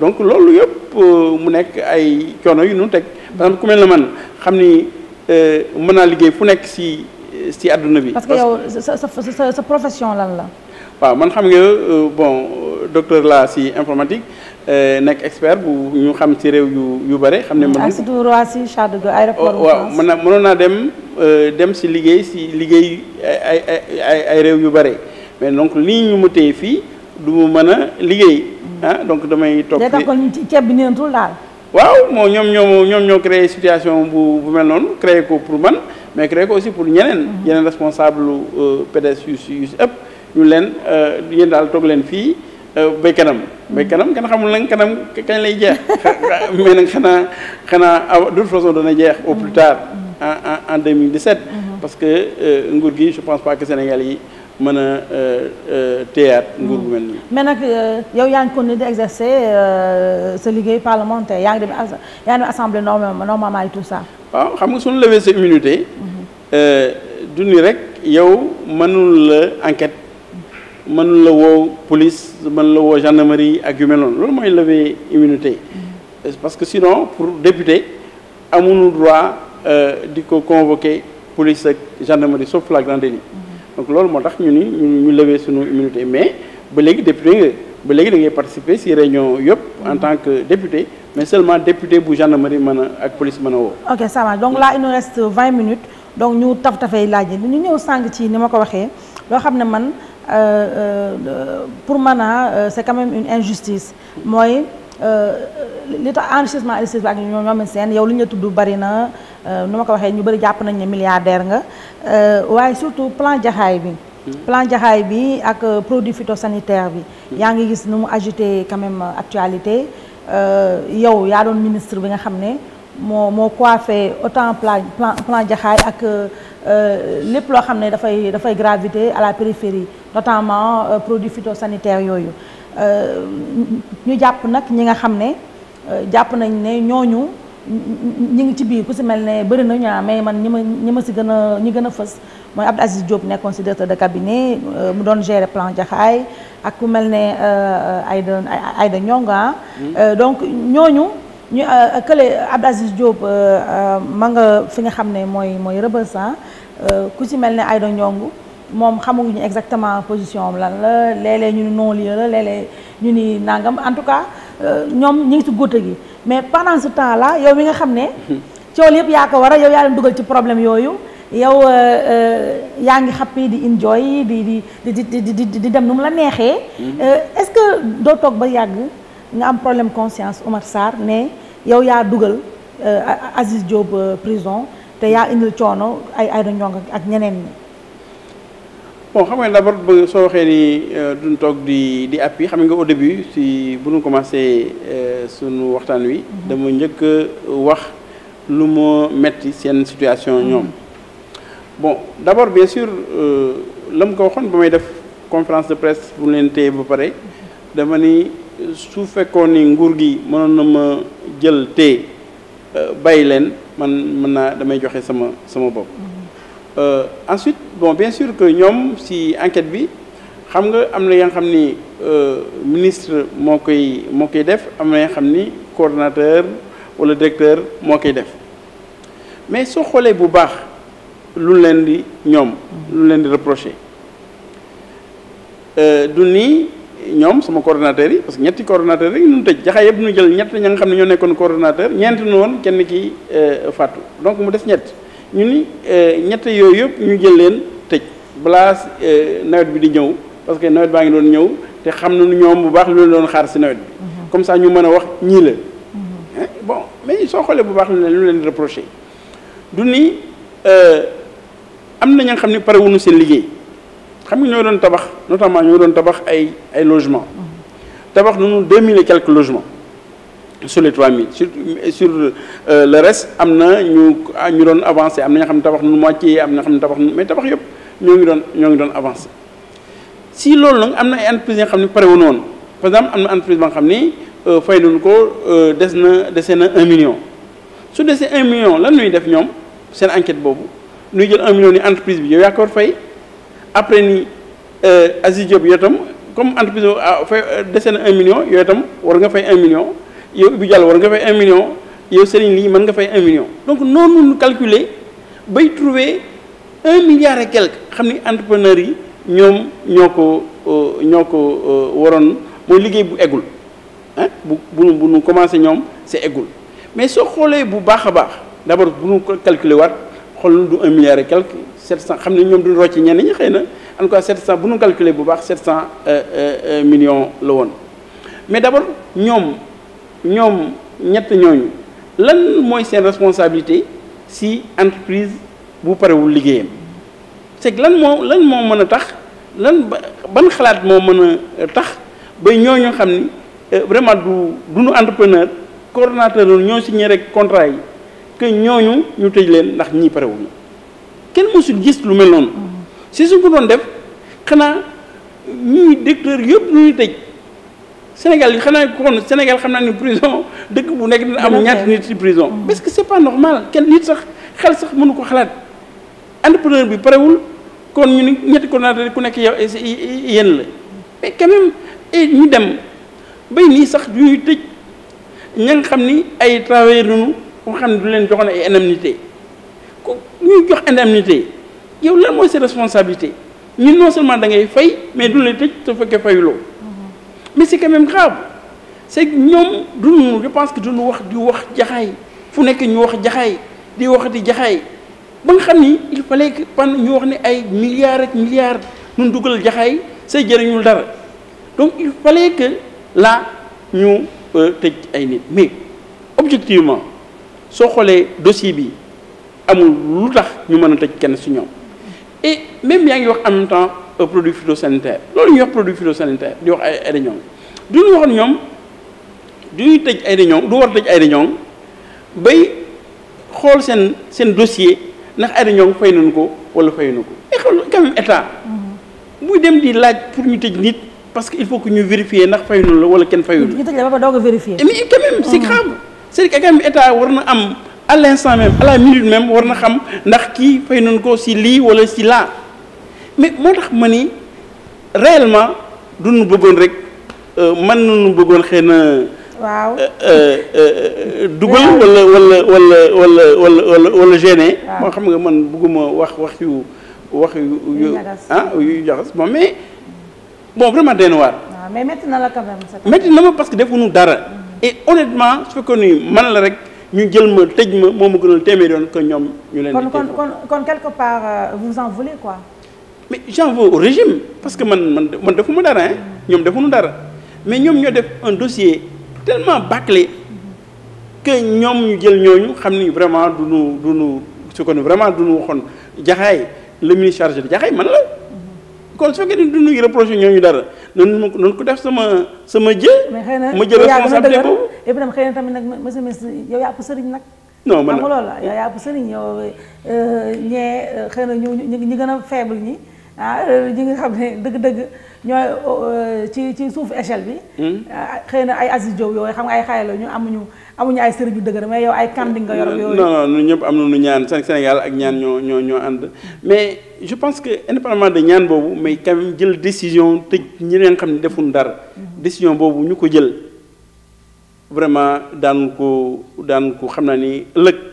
donc loolu yëpp euh, mu nekk ay coono yu ñu teg. parce que ku mel ne man xam ni euh, mën naa liggéey fu nekk si. ci àdduna bi. parce que yow sa sa sa profession lan la. waaw man xam nga euh, bon docteur la ci informatique euh, nekk expert bu ñu xam ci réew yu yu bare. xam ne hmm, man ak surtout Roissy Charles oh, naa dem euh, dem si liggéey si liggéey ay ay ay réew yu bare mais donc lii ñu ma téye fii du mu mën a liggéey. Hmm. ah donc damay topp. day tax kon ceeb bi daal. waaw moom ñoom ñoom ñoo créé situation bu bu mel noonu créé ko pour man. mais créé ko aussi pour ñeneen ñeneen responsable euh, PDS yu si yu si ëpp ñu leen euh, yéen daal toog leen fii euh, bay kanam bay kanam kenn xamul nag kanam kañ lay jeex mais nag xanaa xanaa a ah, de toute façon dana jeex au plus tard en en 2017 mm-hmm. parce que nguur gi je pense pas que Sénégal yi mën a euh, euh, téyaat nguur gu mel nii. Mm. mais nag euh, yow yaa ngi continuer di exercer sa liggéey parlementaire yaa ngi dem yaa ngi dem assemblée normalement et tout ça. xam nga suñu levee sa immunité. Mm-hmm. du rek yow mënul la enquête mënul la woo police mënul la woo gendarmerie ak yu mel noonu loolu mooy lever immunité. Mm-hmm. parce que sinon pour député amuñu droit di ko convoquer police ak gendarmerie sauf flagrant délit. donc loolu moo tax ñu ni ñu ñu suñu immunité mais ba léegi député nga ba léegi da participer ci réunion yëpp en tant que député mais seulement député bu gendarmerie mën a ak police mën a woo. ok ça va donc là il nous reste minutes donc ñu taf tafay laaj yi ñu ñëw sànq ci ni ma ko waxee loo xam ne man euh, euh, pour man ah, euh, c'est quand même une injustice mooy. Euh, li tax enrichissement illicite ak ñoom seen yow li ñu tudd bari na euh, nu ma ko waxee ñu bari jàpp nañ ne milliardaire nga euh, waaye surtout plan jaxaay bi. Hmm. plan jaxaay bi ak produit phytosanitaire bi. Hmm. yaa ngi gis nu mu agité quand même actualité yow yaa doon ministre bi nga xam ne moo moo coiffé autant plan plan jaxaay ak lépp loo xam ne dafay dafay gravité à la périphérie notamment produit fito phytosanitaire yooyu. Euh, ñu jàpp nag ñi nga xam ne euh, jàpp nañ ne ñooñu ñi ngi ci biir ku si mel ne bëri na ñu ah, mais man ñi ma ñi ma si gën a ñi gën a fës mooy Abdou Aziz Diop nekkoon si directeur de cabinet euh, mu doon gérer plan Jaxaay ak ku mel ne Aïda Aïda Ñonga ah. mm. donc ñooñu ñu kële Abdou Aziz Diop ma nga fi nga xam ne mooy mooy rëbësan ah. ku si mel ne Aïda Ñongu moom xamaguñu exactement position lan la léeg ñu ni non-lieu la léeg ñu ni nangam en tout cas euh, ñoom ñu ngi ci góote gi mais pendant ce temps la yow mi nga xam ne mhm. cool yëpp yaa ko war a yow yaa leen dugal ci problème yooyu yow euh, euh, yaa ngi xappi di enjoy di di di di di di dem nu mu la neexee mhm. est-ce que doo toog ba yàgg nga am problème conscience Omar Sarr ne yow yaa dugal Aziz Diop prison te yaa indil coono ay ay da ñong ak ñeneen ñi bon xam nga d'abord ba soo waxee ni euh, duñ toog di di appui xam nga au début si bu ñu commencé euh, sunu waxtaan wi. Mhm. dama njëkk wax lu ma metti seen situation mhm. ñoom. bon d'abord bien sûr euh, la mu ko waxoon ba may def conférence de presse bu leen téye ba pare dama ni su fekkoon ni nguur gi mënoon na ma jël téye bàyyi leen man mën naa damay joxe sama sama bopp. Mhm. Euh, ensuite bon bien sûr que ñoom si enquête bi xam nga am na ya nga xam ni euh, ministre moo koy moo koy def am na ya nga xam ni coordonnateur wala directeur moo koy def mais soo xoolee bu baax lu leen di ñoom lu leen di reproché euh, du nii ñoom sama coordonnateur yi parce que ñetti coordonnateur rek ñu tëj jaxaay yëpp ñu jël ñett ña nga xam ne ñoo nekkoon coordonnateur ñeent nu kenn ki fàttu donc mu des ñett ñu ni euh, ñett yooyu yëpp ñu jël leen tëj balaa euh, nawet bi di ñëw parce que nawet baa ngi doon ñëw te xam na nañu ñoom bu baax lu leen doon xaar si nawet bi. Mhm. comme ça ñu mën a wax ñii la. Mhm. bon mais soo xoolee bu baax lu leen lu leen reproché du ni euh, am na ña xam ne pare wuñu seen liggéey xam nga ñoo doon tabax notamment ñoo doon tabax ay ay logements. Mhm. tabax nañu deux mille et quelques sur les 3000 sur sur euh, le reste am na ñu ah, ñu doon avancé am na ñoo xam ne tabax nu moitié am na xam ne tabax nu mais tabax yëpp ñoo ngi doon ñoo ngi doon avancé si loolu nag am na ay entreprises xam ne pare wu noonu par exemple am na entreprise ba ni euh, fay nañu ko euh, des na dese na 1 su desee 1 million lan ñuy def ñoom seen enquête boobu ñuy jël 1 million ni entreprise bi yow yaa ko war fay après ni Aziz Diop yow tam comme entreprise ah, fay dese na 1 million yow itam war nga fay 1 million. yow Ibou Diallo war nga fay un million yow Serigne lii mën nga fay un million donc noonu ñu calculer bay trouver un milliard quelque xam ni entrepreneur yi ñoom ñoo ko euh, ñoo ko euh, waroon mooy liggéey bu eggul ah bu bu bu nu commencé ñoom c'est eggul mais soo xoolee bu baax a baax d'abord bu nu ko calculer waat xool du un milliard et quelque sept cent xam ne ñoom duñ rocc ñenn ñi xëy na en tout cas sept bu nu calculer bu baax sept cent euh, million la woon mais d'abord ñoom ñoom ñett ñooñu lan mooy seen responsabilité si entreprise bu parewul liggéeyam c'est lan moo lan moo mën a tax lan ban xalaat moo mën a tax ba ñoo ñooñu xam ni euh, vraiment du duñu entrepreneur coordonnateur loolu ñoo signé rek contrat yi que ñooñu ñu tëj leen ndax ñii parewuñu kenn mësul gis lu mel noonu si su ko doon def xanaa ñuy directeur yëpp ñuy tëj Sénégal xanaa kon Sénégal xam naa ne prison dëkk bu nekk dina am ñaata nit ci prison. Mm-hmm. parce que c'est pas normal kenn nit sax xel sax mënu ko xalaat entrepreneur bi parewul kon ñu ni ñetti coordonnateur ku nekk yow yéen la mais quand même ñu dem bay nii sax du tëj ña xam ni ay travailleurs ñu ko xam ne du leen joxoon ay indemnité ko ñuy jox indemnité yow lan mooy sa responsabilité ñun non seulement da ngay fay mais du la tëj te fekkee fayuloo. mais c'est quand même grave c'est ñoom du je pense que duñu wax di wax jaxaay fu nekk ñu wax jaxaay di wax di jaxaay ba nga xam ni il fallait que pan ñu wax ni ay milliards ak milliards nun dugal jaxaay say jëriñul dara donc il fallait que là ñu euh, tëj ay nit mais objectivement soo xoolee dossier bi amul lu tax ñu mën a tëj kenn si ñoom et même yaa ngi wax en même temps produit phytosanitaire loolu ñuy wax produit phytosanitaire di wax ay ay réunion du ñu waxoon ñoom du ñuy tëj ay réunion du war a tëj bay xool seen seen dossier ndax ay réunion fay nañu ko wala fay nañu ko mais xam quand même état muy mm-hmm. dem di laaj pour ñu tëj nit parce que il faut que ñu vérifier ndax fay nañu la wala kenn fayul la. ñu tëj la ba ba doog a vérifier. mais quand même c'est mm-hmm. grave c'est que quand war na am à l'instant même à la minute même war na xam ndax kii fay nañu ko si lii mais moo tax ma ni réellement du nu bëggoon rek euh, man nu bëggoon xëy na. waaw euh, euh, dugal wala wala wala wala wala wala gêné. moo xam nga man bëgguma wax wax yu wax yu. ah yu jaxas bon mais bon vraiment day na waar. mais métti na la quand même. na ma parce que defuñu dara. Mm-hmm. et honnêtement su fekkoon ni man la rek. ñu jël ma tëj ma moo ma gënal téeméer yoon que ñoom ñu leen kon kon kon quelque part vous en voulez quoi mais j'en veux au régime parce que man man man defuma dara hein ñoom defuñu dara mais ñoom ñoo def un dossier tellement bâclé que ñoom ñu jël ñooñu xam ni vraiment du nu du nu su ko vraiment du nu waxoon jaxaay le ministre chargé de jaxaay man la. kon su fekkee ni du nuy reproché ñooñu dara noonu noonu ko def sama sama jë. ma jël responsabilité boobu mais xëy na xëy na tamit nag ma le ministre yow yaa ko sëriñ nag. non man la xam nga loolu la yow yaa ko sëriñ yow euh, ñee xëy na ñu ñu gën a faible ah euh, ñi nga xam ne dëgg-dëgg ñooy euh, ci ci suuf échelle bi. Hmm? Ah, xëy na ay Aziz Diop yooyu xam nga ay la ñu amuñu amuñu ay sëriñ dëgg rek mais yow ay kandi nga yor yooyu. non non ñëpp am na nañu ñaan Sénégal ak ñaan ñoo ñoo ñoo ànd mais je pense que indépendamment de ñaan boobu mais quand même jël décision te ñi nga xam ne defuñ dara. Hmm. décision boobu ñu ko jël vraiment daan ko daan ko xam naa ni ëllëg.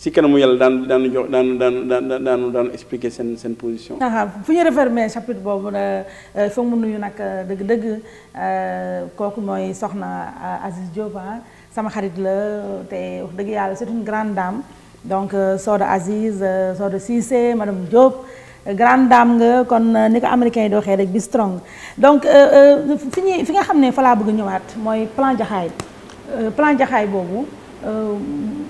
si kanamu yàlla daan daan jox daan daan daan daan daan expliquer seen seen position. Ah, ah, fu ñu refermer chapitre boobu euh, foog mu nuyu nag euh, dëgg-dëgg euh, kooku mooy soxna Aziz Diop ah, sama xarit la te wax dëgg yàlla c'est une grande dame donc Soda Aziz Soda Cissé madame Diop. grande dame nga kon ni ko américain yi di waxee rek bi strong donc fi nga xam ne fa laa bëgg ñëwaat mooy plan jaxaay plan jaxaay boobu. Euh,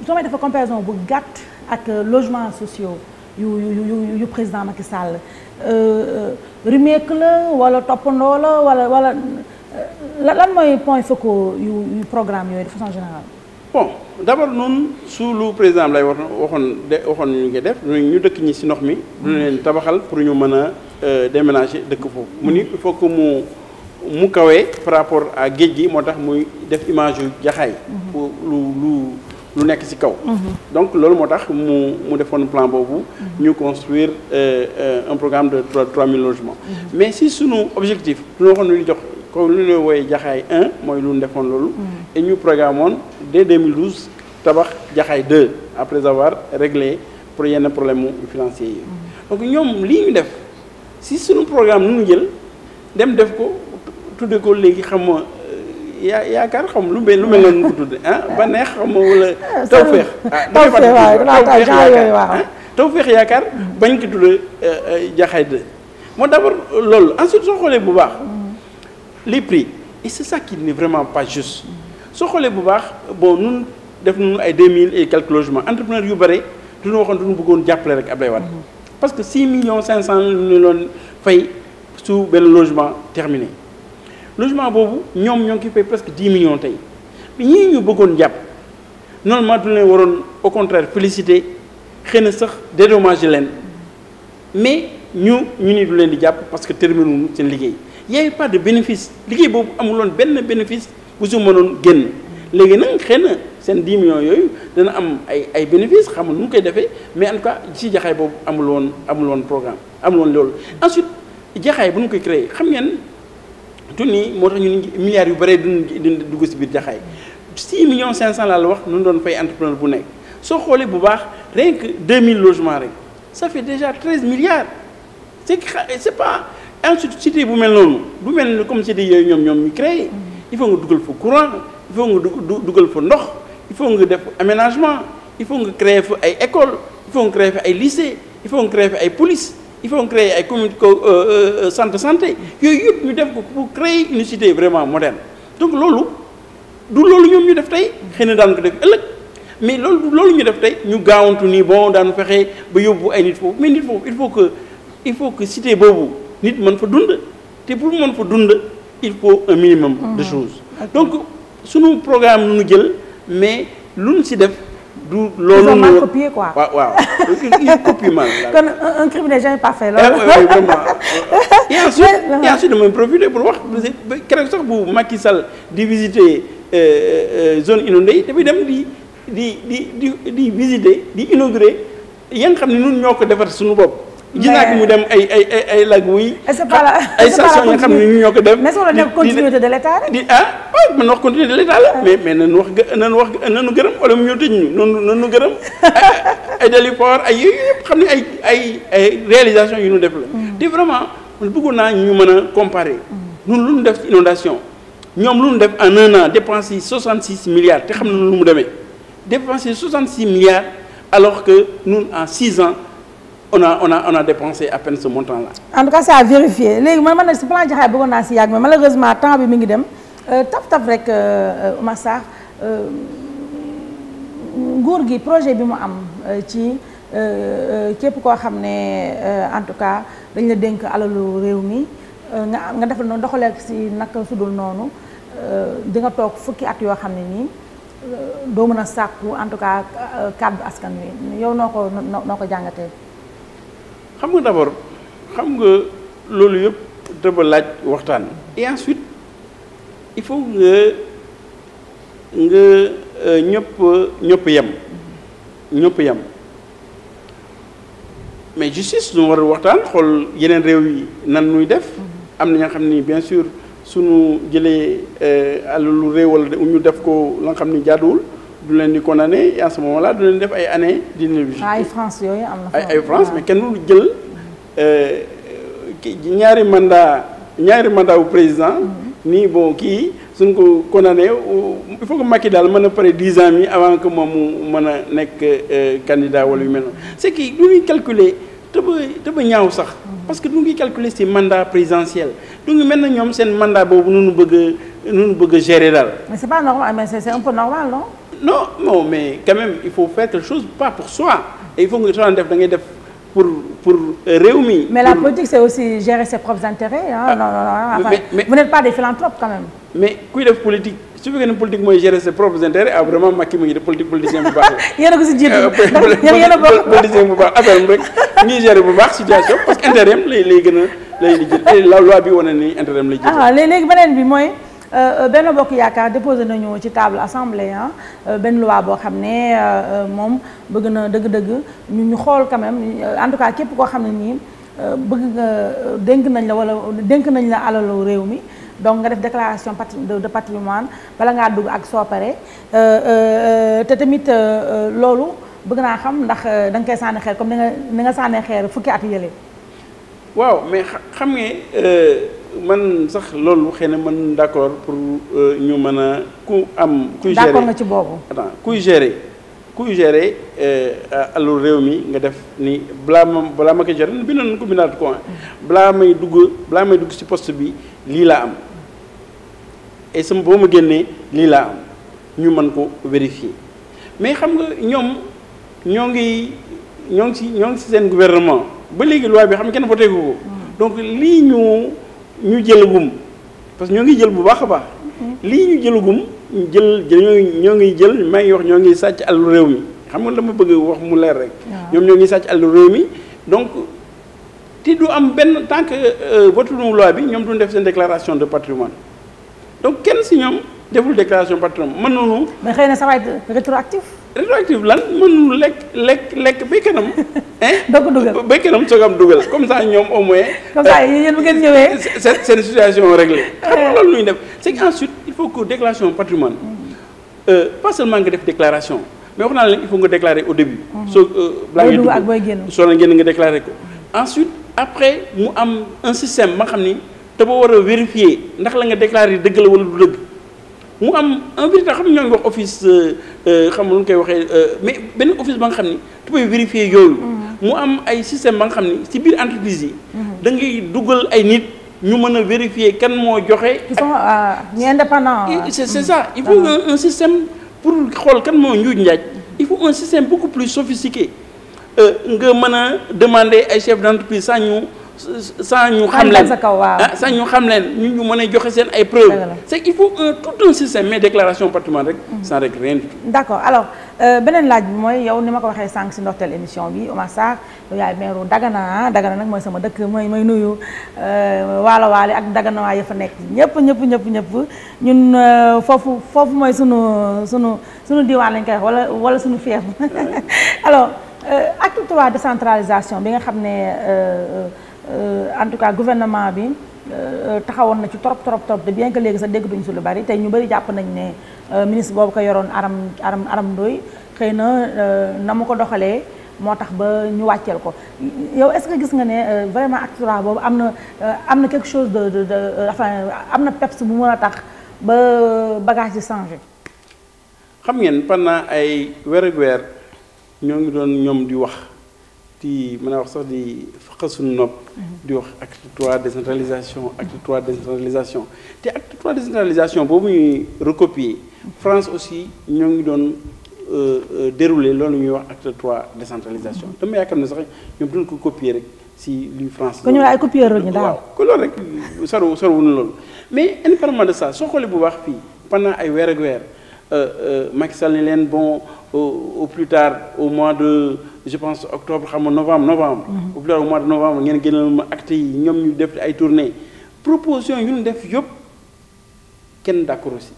soo may dafa comparaison bu gàtt ak euh, logement sociaux yu yu yu yu président Macky Sall euh, remake la wala toppandoo la wala wala lan mooy point focaux yu yu programme yooyu de façon générale. bon d' abord su lu président lay wax waxoon de waxoon ñu ngi def ñu dëkk ñi ci ndox mi. du leen tabaxal pour ñu mën a déménager dëkk foofu mu ni il mu. mu kawee par rapport à géej gi moo tax muy def image yu jaxaay pour lu lu lu nekk ci kaw donc loolu moo tax mu mu defoon plan boobu ñu construire euh, un programme de trois mille logements mais si sunu objectif lu ñu waxoon lu ñu jox ko lu ñu wooyee jaxaay 1 mooy lu ñu defoon loolu et ñu programme woon tabax jaxaay 2 après avoir réglé pour yenn problème mu financier yi donc ñoom lii ñu def si sunu programme nu ñu jël dem def ko tudde ko léegi xam nga euh, yaa yaakaar xam lu mel lu mel noonu ko tudde ah ba neex xam ah, ah, ah, yaakaar bañ ko tudde euh, euh, jaxay de moo d'abord loolu ensuite soo xoolee bu baax mm-hmm. les prix et c'est ça qui n'est vraiment pas juste soo xoolee bu baax bon nun def nañu ay deux mille et quelques logements entrepreneur yu bare duñu waxoon duñu bëggoon jàppale rek Ablaye Wade mm-hmm. parce que six millions cinq cent lu ñu loon fay su benn logement terminé logement boobu ñoom ñoo ngi koy fay presque 10 millions tey ñii ñu bëggoon jàpp normalement du leen waroon au contraire félicité xëy na sax dédommagé leen mais ñu ñu ni du leen di jàpp parce que terminé seen liggéey y avait pas de bénéfice liggéey boobu amuloon benn bénéfice bu su mënoon génn léegi nag xëy na seen 10 millions yooyu dana am ay ay bénéfice xamul nu mu koy defee mais en tout cas ci jaxaay boobu amul woon amul woon programme amul loolu ensuite jaxaay bu ñu koy créé xam ngeen. tunni moo tax ñun milliards yu bare du duñ dugg si biir jaxaay 6 millions 500 laa la wax nu doon fay entrepreneur bu nekk soo xoolee bu baax rien que 2000 logements rek ça fait déjà 13 milliards c'est que c'est pas ensuite cité bu mel noonu du mel ni comme cité yooyu ñoom ñoom ñu créé il faut nga dugal fa courant il faut nga dugal fa ndox il faut nga def aménagement il faut nga créer fa ay école il nga créer fa ay lycée il faut nga créer ay police il faut créer ay commune euh, euh, euh, centre santé yooyu yëpp ñu def ko pour créer une cité vraiment moderne donc loolu du loolu ñoom ñu def tey xëy na daan ko def ëllëg mais loolu du loolu ñu def tey ñu gaawantu nii bon daan fexe ba yóbbu ay nit foofu mais nit foofu il faut que il faut que cité boobu nit mën fa dund te pour mën fa dund il faut un minimum mm. de choses donc suñu programme nu jël mais luñ si def du loolu waaw waaw il copie mal. kon un criminel jamais parfait loolu. oui vraiment. et ensuite et ensuite damay profité pour wax keroog sax bu Macky Sall di visiter euh, euh, zone inondée yi dafay dem di di di di di visiter di inaugurer ya nga xam ne ñun ñoo ko defar suñu bopp. gis naa ko mu dem ay ay ay ay lag wuy. ay station yoo xam ne ñu ñoo ko dem. mais soxla na continuité de l'état rek. Ah, na wax continuité de wax gë nañu wax nañu gërëm wala mu ñëw tëj ñu noonu noonu gërëm. ay déliport ay yëpp xam ne ay ay ay réalisation yu ñu def la. Mm. te vraiment bëggoon naa ñu mën a comparer. Mm. ñun lu ñu def ci inondation ñoom lu ñu def en un an dépense yi 66 milliards te xam na lu mu demee dépense yi 66 milliards alors que ñun en 6 ans. on a on a a dépensé à peine ce montant là. en tout vérifier léegi man man nag si plan Jaxaay bëggoon naa si yàgg mais malheureusement temps bi mi ngi dem euh, taf taf rek euh, euh, Oumar Sarr nguur gi projet bi mu am ci képp koo xam ne en tout cas dañ la dénk alalu réew mi nga nga defal noonu doxalee si naka sudul noonu di nga toog fukki at yoo xam ne nii. doo mën a sàkku en tout cas kàddu askan wi yow noo ko noo ko jàngatee. xam nga d'abord xam nga loolu yëpp dafa laaj waxtaan et ensuite il faut nga nga euh, ñëpp ñëpp yem ñëpp yem mais justice lu war a waxtaan xool yeneen réew yi nan nuy def am na ñoo xam ni bien sûr suñu jëlee euh, alalu réew wala ñu def ko la nga xam ni jaaduwul du leen di condamné et à ce moment là du leen def ay années d' inéligibilité. Ah, ay France yooyu am ay France mais kenn mënu jël euh, ñaari mandat ñaari mandat wu président. Mhm. nii bon kii suñ ko condamné il faut que Macky daal mën a pare dix ans mi avant que moom mu mën a nekk euh, candidat wala yu mel noonu c' est que du ñuy calculer te ba te ñaaw sax. Mhm. parce que du ngi calculer si mandat présidentiel du ngi mel na ñoom seen mandat boobu nu bëgg nu bëgg a gérer daal. mais c'est pas normal mais c'est un pou normal non. non non mais quand même il faut faire quelque chose pas pour soi il faut nga soxla def def pour pour réew mi. la politique c'est aussi gérer ses propres intérêts ah non non non. mais mais vous n'êtes pas des def politique su fekkee ne politique mooy gérer ses propres intérêts ah vraiment a ko si jiitu euh, yéen a bokk politicien bu baax affaire rek ñuy gérer bu baax situation parce que intérêt am lay lay gën a lay li jël loi bi Euh, euh, Benno Bokk Yaakaar déposé nañu ci table assemblée ah benn loi boo xam ne moom bëgg na dëgg-dëgg ñu ñu xool quand même en tout cas képp koo xam ne nii bëgg nga dénk nañ la wala dénk nañ la alalu réew mi donc nga def déclaration de patrimoine bala ngaa dugg ak soo pare te tamit loolu bëgg naa xam ndax da koy sànni xeer comme ni nga ni nga sànnee xeer fukki at yële. waaw mais xam nga. man sax loolu xëy na man d' accord pour euh, ñu mën a ku am. kuy gérer nga ci boobu. attends kuy gérer kuy gérer euh, réew mi nga def ni balaa ma balaa ma koy gérer bindoon ko balaa may dugg may dugg ci bi lii laa am et sama boo ma génnee lii laa am ñu mën ko vérifier mais xam nga ñoom ñoo ngi ñoo ngi ci ñoo seen gouvernement ba léegi loi bi xam nga kenn voté ko. Hmm. donc lii ñu. ñu jëlagum parce que ñoo ngi jël bu baax a baax mm-hmm. lii ñu jëlagum jël ñoo ngi jël maa ngi wax ñoo ngi sàcc allu réew mi xam nga dama bëgg wax mu leer rek. ñoom ñoo ngi sàcc allu réew mi donc. te du am benn tant que euh, voté loi bi ñoom duñ def seen déclaration de patrimoine donc kenn si ñoom. deful déclaration patron mën nañu. mais na sa waay rétroactif. rétroactif lan mën nañu lekk lekk lekk ba kanam. doog a dugal ba kanam soog am dugal comme ça ñoom au moins. comme ça yéen bu ngeen ñëwee. seen seen situation réglée. xam nga loolu lu def c'est qu'ensuite il faut que déclaration patrimoine mm. euh, pas nga def déclaration mais wax naa leen il faut nga déclarer au début. Mm. soo euh, balaa ngay la nga déclarer ko. ensuite après mu am un système ba xam ni te ba war a vérifier ndax la nga déclarer dëgg la wala du dëgg. mu am un véritable xam ñoo ngi wax office euh, euh, xam lu ñu koy waxee euh, mais benn office ba nga xam ni tu vérifier yooyu. Mm-hmm. mu am ay système ba nga xam ni ci biir entreprise yi. Mm-hmm. da ngay dugal ay nit ñu mën a vérifier kan moo joxe. ils sont ñu indépendants. c'est c'est ça il faut ah. un système pour xool kan moo njuuj njaaj. il faut un système beaucoup plus sophistiqué nga mën a demander ay chef d'entreprise saa ñu. sans ñu xam leen sa kaw ah sans ñu xam leen ñu ñu mën a joxe seen ay preuves. c'est il faut un euh, tout un système mais déclaration patrimoine rek. Mm-hmm. sans rek rien du tout. alors euh, beneen laaj bi mooy yow ni ma ko waxee sànq si ndorteel émission bi Omar Sarr yow yaay meeru Dagana ah Dagana nag mooy sama dëkk mooy mooy nuyu euh, waalo waale ak Dagana waa ya fa nekk ñëpp ñëpp ñëpp ñëpp ñun foofu foofu mooy sunu sunu sunu diwaan lañ koy wax wala wala sunu fief alors acte décentralisation bi nga xam ne. Euh, en tout cas gouvernement bi euh, taxawoon na ci trop trop trop te bien que léegi sa dégg duñ si lu bari tey ñu bari jàpp nañ ne euh, ministre boobu ko yoroon Aram Aram Aram Ndoye xëy na na mu ko doxalee moo tax ba ñu wàcceel ko yow est-ce que gis nga ne vraiment acte boobu am na am na quelque chose de de am na peps bu mën a tax ba bagage yi changé. xam ngeen pendant ay weer ak weer ñoo ngi doon ñoom di wax di mën a wax sax di. xasuñ nopp mm-hmm. di wax acte trois décentralisation acte trois décentralisation te acte trois décentralisation boobu ñuy recopier France aussi ñoo ngi doon euh, euh, dérouler loolu ñuy wax acte trois décentralisation mm-hmm. dama yaakaar ne sax ñoom duñ ko copier rek si li France. ko ñu laay copier ñu daal waaw loolu rek loolu mais indépendamment de ça soo xoolee bu baax fii pendant ay weer ak weer euh, Macky Sall ne leen bon au plus tard au mois de. je pense octobre xam nga novembre novembre. Mhm. au plus tard mois de novembre ngeen génneel ma acte yi ñoom ñu def ay tournée proposition yu nu def yëpp kenn d'accord aussi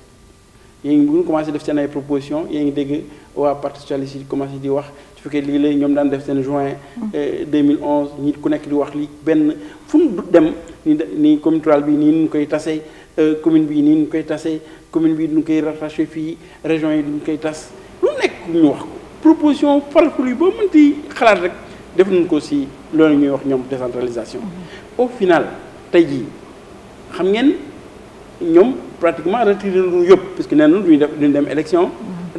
yéen ngi bu commencé def seen ay proposition yéen ngi dégg waa parti socialiste yi commencé di wax su fekkee lii la ñoom daan def seen juin. 2011 mhm. euh, ñi ku nekk di wax lii benn fu mu dem de nii commune rurale bi nii ñu koy tasee euh, commune bi nii ñu koy tasee commune bi duñ koy rattaché fii région yi duñ koy tas lu nekk ñu wax ko. proposition farfelu boo mënti xalaat rek def nañ ko si loolu ñuy wax ñoom décentralisation. au final tey jii xam ngeen ñoom pratiquement retiré nañu yëpp parce que nee nañu duñu def duñu dem élection.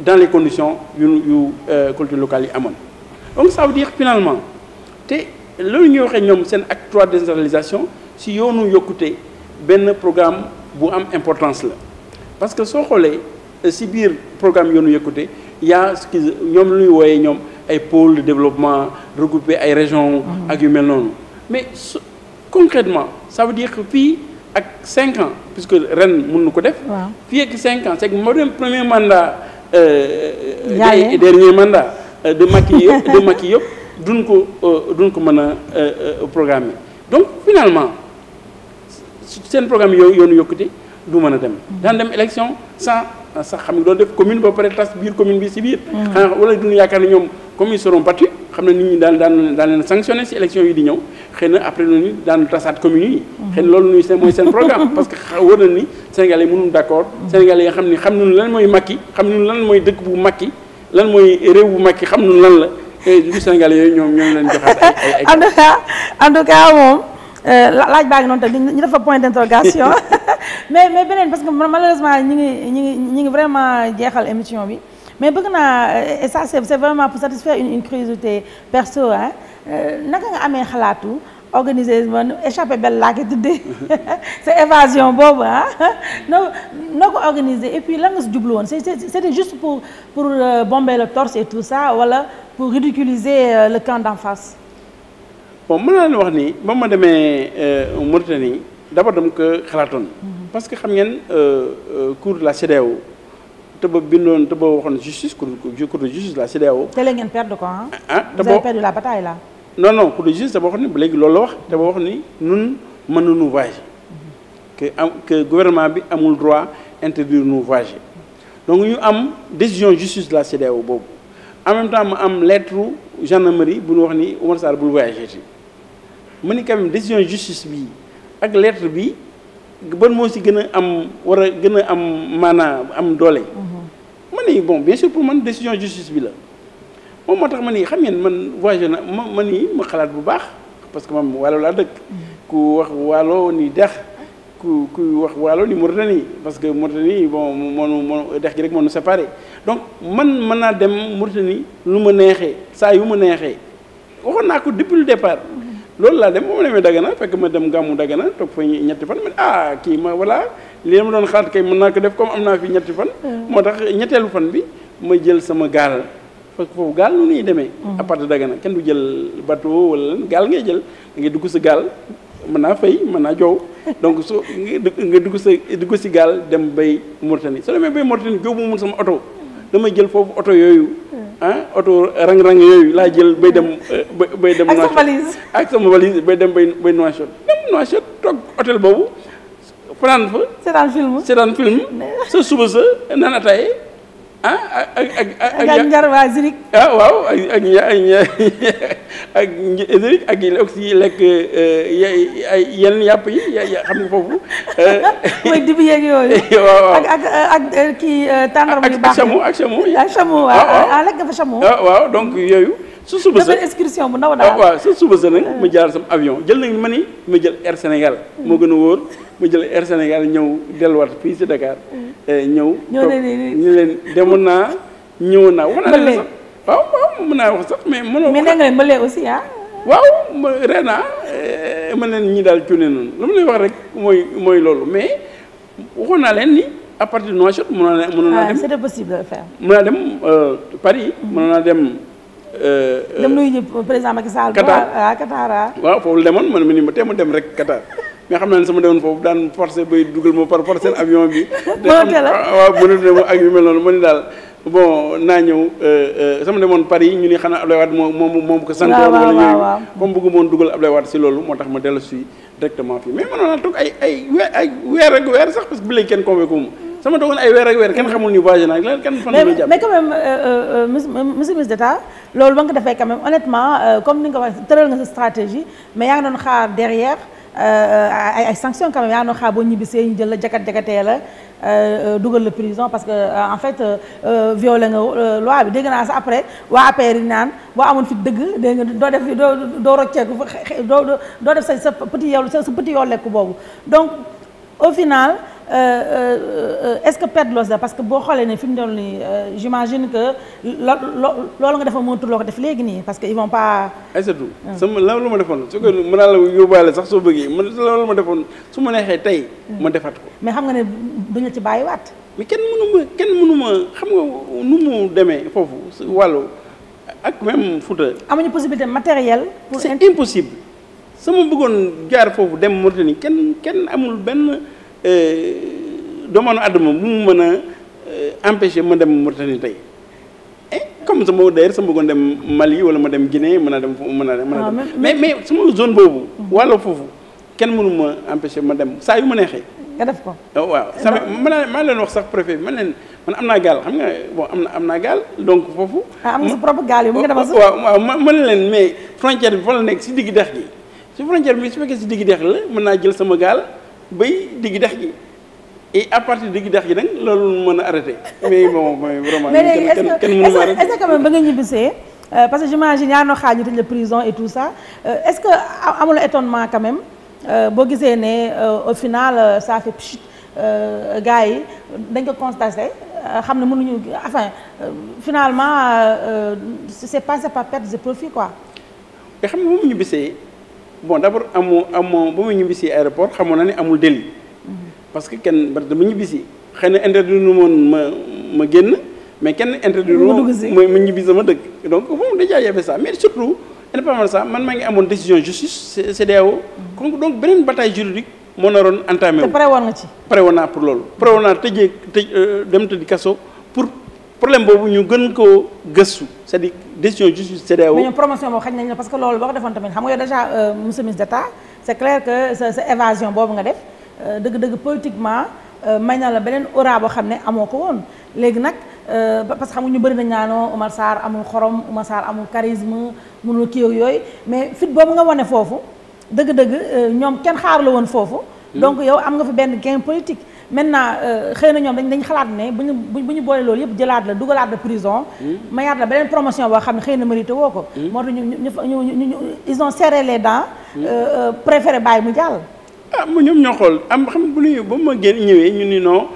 dans les conditions yu yu euh, collectivités locales yi amoon. donc sa veut dire finalement te loolu ñuy waxee ñoom seen acte trois décentralisation si yoonu yokkute benn programme bu am importance la parce que soo xoolee euh, si biir programme yoonu yokkute. yaa ce qu'ils ñoom luy ñuy ñoom ay pôle de développement regroupé ay régions. ak yu mel noonu mais su concrètement ça veut dire que fii ak cinq ans puisque ren mën na ko def. fii ak cinq ans c'est que moo dem premier mandat. jaayee euh, euh dernier mandat euh, de Macky yëpp de Macky yëpp duñ ko euh, duñ ko mën a euh, programme donc finalement seen programme yooyu yoonu yokkute du mën a dem. daan élection Ah, sax xam nga loolu def commune ba pare tas biir commune bi si biir. xam ne nit ñi daan daan leen sanctionné si élection yi di ñëw xëy na après noonu daan tasaat communes yi. xëy loolu nuy mooy seen programme parce que wër na ni Sénégalais mënul d' accord. xam ne xam nañu lan mooy Macky xam xam nañu lan la te du Sénégalais yooyu ñoom ñoo leen joxaat ay ay. en moom. Euh, laaj baa ngi noonu tamit ñu dafa point d'interrogation mais mais beneen parce que malheureusement ñi ngi ñi ngi ñi ngi vraiment jeexal émission bi mais bëgg naa et ça c'est c'est vraiment pour satisfaire une une curiosité euh, naka nga amee xalaatu organiser man échappé belle laa koy tuddee c'est évasion boobu ah noo noo ko organiser et puis lan nga si jublu woon c'est c'était juste pour pour euh, bomber le torse et tout ça wala pour ridiculiser le camp d'en face bon mën naa leen wax nii ba ma demee euh, Mauritanie d'abord dama ko xalaatoon. Mhm. parce que xam ngeen euh, euh, cour de la CEDEAO te ba bindoon te ba waxoon justice cour cour de justice la CEDEAO. te la ngeen perdre ko ah. te boo vous avez wax ni ba léegi loolu la wax te ba wax ni nun mënuñu voyager. Mhm. que am que gouvernement bi amul droit interdire nu voyager. donc ñu am décision justice de la CEDEAO boobu en même temps mu am lettre gendarmerie bu nu wax ni Oumar Sarr bul voyager ci. ma ni quand même décision justice bi ak lettre bi ban moo si gën a am war a gën a am maanaa am doole. Mm-hmm. ma ni bon bien sûr pour man décision justice bi la moom moo tax ma ni xam ngeen man voyagé na ma ma ni xalaat bu baax parce que man waalo laa dëkk. Mm-hmm. wax waalo ni dex ku ku wax waalo ni Mauritanie parce que Mauritanie bon moonu moonu dex gi rek moo nu séparé donc man mën naa dem Mauritanie lu ma neexee saa yu ma neexee waxoon ko depuis départ. loolu laa dem ba ma demee Dagana fekk ma dem gàmmu Dagana toog fa ñetti fan ma ne ah kii ma voilà li ma doon xalaat kay mën naa ko def comme am naa fi ñetti fan. Hmm. moo tax ñetteelu fan bi ma jël sama gaal parce foofu gaal nu demee. Hmm. à part Dagana kenn du jël bateau wala lan ngay jël da dugg sa gaal mën naa fay mën naa jow donc soo nga dugg sa dugg si gaal dem bay Mauritanie soo demee bay Mauritanie jóobu mun sama oto hmm. damay jël foofu oto yooyu. ah oto rang-rang yooyu laa jël bay dem eh, bay dem ak sama valise ak bay dem bay bay Nouakchott dem Nouakchott toog hôtel boobu fanaan fa seetaan film seetaan film sa suba sa naan ataaye ah ak ak ak ak njar waa Zurich ah waaw ak ak ak ak yi lekk eh, yenn yàpp yi xam nga foofu. Eh. mooy dibi yeeg yooyu. waaw ak ak ak eh, kii tàngaram yu baax ak chameau ak chameau. ah chameau waaw ah, ah, ah. ah lekk nga fa chameau. waaw donc yooyu. su suba sa excursion bu ndaw daal ah, waaw suba sa nag ma jaar sam avion jël nañ ma ni ma jël air Sénégal moo gën a wóor ma jël air Sénégal ñëw delluwaat fii si Dakar. Mm. Eh, ñëw ñu leen demoon naa ñëwoon naa. wax naa sax waaw waaw mën naa wax mais. mënoo mais nee nga leen aussi ah. waaw ma ren eh, ah ma leen ñi daal cuune noonu lu ma lay wax rek mooy mooy loolu mais waxoon naa leen ni. à partir de Nouakchott mënoon naa mënoon naa dem ah c'est possible de mën Paris mënoon naa dem. Euh, Euh, dem euh, nuyu ji président Macky Sall. Qatar waaw ah, Qatar ah. waaw. foofu la demoon man mi ni ma te ma dem rek Qatar mais xam naa ne sama demoon foofu daan forcé bay dugal ma par force seen avion bi. mënatu la ah, waaw ma ak yu mel noonu ma ni daal. bon naa ñëw euh, sama demoon Paris ñu ni xanaa Abdoulaye moo moom moom ko santoon wala ñooñu moon dugal Abdoulaye Wade si loolu moo tax ma dellu si directement fii mais mënoon naa toog ay ay weer ay weer sax parce que bi lañ kenn convoqué sama toogoon ay weer ak weer kenn xamul ni voyagé naa kenn fan la jàpp mais quand même euh, euh, euh, monsieur ministre d'État loolu ba nga defee quand même honnêtement comme ni nga ko waxee tëral nga sa stratégie mais yaa ngi doon xaar derrière ay ay sanctions quand même yaa ngi doon xaar boo ñibbisee ñu jël la jakat jakatee la dugal la prison parce que en fait violé nga loi bi dégg naa sax après waa APR naan boo amoon fi dëgg dégg nga doo def doo doo rocceeku doo doo def sa sa petit yow sa petit yoo lekk boobu Euh, euh, euh, est-ce que perte loss la parce que boo xoolee ne fi mu doon nii j'imagine que lo loolu nga defa mënatul loo ko def léegi nii parce que ils vont pas. ay ah. sama la lu ma defoon su ko mën naa la yóbbaale sax soo bëggee man loolu ma defoon su ma neexee tey hmm. ma defaat ko. mais xam nga ne duñ la ci bàyyiwaat. mais kenn mënu ma mënu ma xam nga nu demee foofu wàllu ak même Fouta. amuñu possibilité matérielle. pour c'est impossible sama bëggoon jaar foofu dem Mauritanie kenn kenn amul benn. Euh, doomu adama bu mu mën a euh, empêcher ma dem Mauritanie tey eh, comme sama d'ailleurs sama bëggoon dem Mali wala ma dem Guinée mën a dem foofu mën a dem ah, mais mais sama zone boobu wàllu foofu kenn mënu ma empêcher ma dem saa yu ma neexee nga def ko oh, waaw eh, sama ma a leen wax sax préfet bi ma leen man am naa gaal xam nga bon am na am naa gaal donc foofu ah, am nga sa gaal yu nga demal oh, sa oh, waaw waaw ma ne leen mais frontière bi fa nekk si digg dex gi si frontière bi su fekkee si digg dex la mën naa jël sama gaal bay digg dex gi et à partir digg dex gi nag loolu mën a arrêté mais moom mooy vraiment. kenn kenn mënu ma arrêté est-ce que quand même ba nga ñibbisee euh, parce que j'imagine yaa noo xaar ñu tëj la prison et tout ça euh, est-ce que amul étonnement quand même euh, boo gisee ne au final ça fait pchit gars yi dañ ko constaté xam ne mënuñu enfin finalement c'est pas c'est pas perte de profit quoi. mais xam nga moom ñu bisee. bon d' abord amoo amoo ba ma ñibbisi aéroport xamoon na ne amul délit parce que kenn ba dama ñibbisi xëy na interdit nu moon ma ma génn mais kenn interdit nu ma ñibbi sama dëkk donc bon déjà y avait ça mais surtout indépendamment ça man maa ngi amoon décision justice CEDEAO kon donc beneen bataille juridique moo na entamé wu. te pare woon na ci. pare woon naa pour loolu. pare woon naa tëjee tëj euh, dem tëddi kaso pour problème boobu ñu gën koo gëstu. c'est-à-dire décision justice CEDEAO. mais boobu nga yow déjà euh, monsieur ministre d'État c'est clair euh, politiquement euh, may na la beneen aura boo xam ne amoo ko woon léegi nag. parce que xam nga ñu bëri na ñaanoo oh, Omar saar amul xorom Omar Sarr amul charisme mënul kii yooyu mais fit boobu nga wone foofu dëgg-dëgg ñoom kenn xaar woon foofu. Mm. donc yow am nga fi benn gain politique. maintenant euh, xëy na ñoom dañ dañ xalaat ne bu ñu bu ñu boole loolu yëpp jëlaat la dugalaat la prison hmm. mayaat la beneen promotion boo xam ne xëy na mérité woo ko hmm. moo tax ñu ñu ils ont serré les dents hmm. euh, euh, préféré bàyyi mu jàll ah mu xool am xam bu ñu ba ma génn ñëwee ñu ni non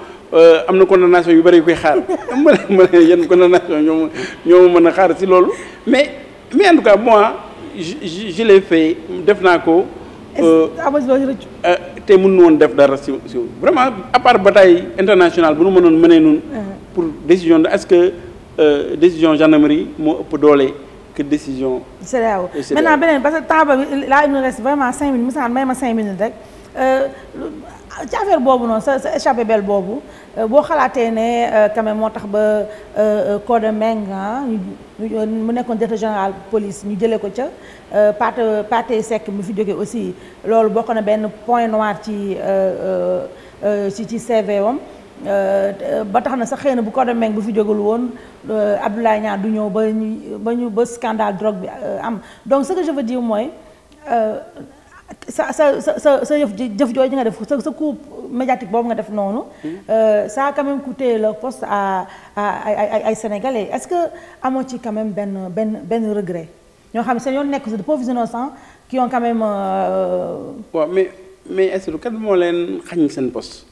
am na condamnation yu bëri yu koy xaar ma ne ma ne yenn condamnation ñoom ñoo mën a xaar si loolu mais mais en tout cas mois je l'ai fait def naa ko. est ce te mën nu woon def dara si si vraiment à part bataille internationale bu nu mënoon mënee nun ah. pour décision est-ce que euh, décision gendarmerie moo ëpp doole que décision. CEDEAO e e maintenant beneen parce que temps ba bi laa il me reste vraiment cinq minutes misaal may ma cinq minutes rek. Euh, ci affaire boobu noonu sa sa échappé belle boobu euh, boo xalaatee ne euh, quand moo tax ba euh, Codé Mbengue ah, mu nekkoon directeur général police ñu jëlee ko ca Pathé Pathé sekk mu fi jógee aussi loolu bokk na benn point noir ci ci ci CV wam ba tax na sa xëy na bu Codé Mbengue bu fi jógul woon Abdoulaye Niang du ñëw ba ñu ba ñu ba scandale drogue bi am donc ce que je veux mooy. sa sa sa sa yëf jëf jooju nga def sa sa coup médiatique boobu nga def noonu. saa hmm. euh, a quand même coûté le poste ay ay Sénégalais est-ce que amoo ci quand benn benn benn regret ñoo xam ne seen yoon nekk de pauvres innocents qui ont quand même. Euh, waaw mais mais est-ce que moo leen xañ seen poste.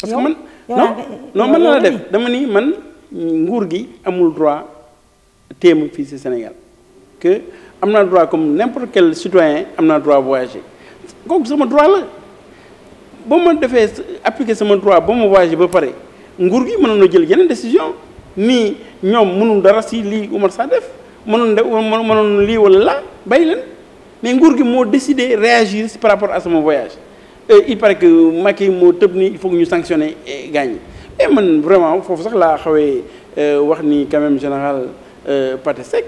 parce que man non non man la def dama ni man nguur gi amul droit téem fii ci Sénégal que am naa droit comme n'importe quel citoyen am naa droit voyager. kook sama droit la ba ma defee appliquer sama droit ba ma voyagé ba pare nguur gi mënoon na jël yeneen décision nii ñoom mënul dara si lii Umar Sarr def mënoon de mënoon lii wala laa bàyyi leen mais nguur gi moo décidé réagir si par rapport à sama voyage il paraît que Macky moo tëb ni il faut que ñu sanctionner gaañ yi et man vraiment foofu sax laa xawee euh, wax ni quand même général euh, Pathé Seck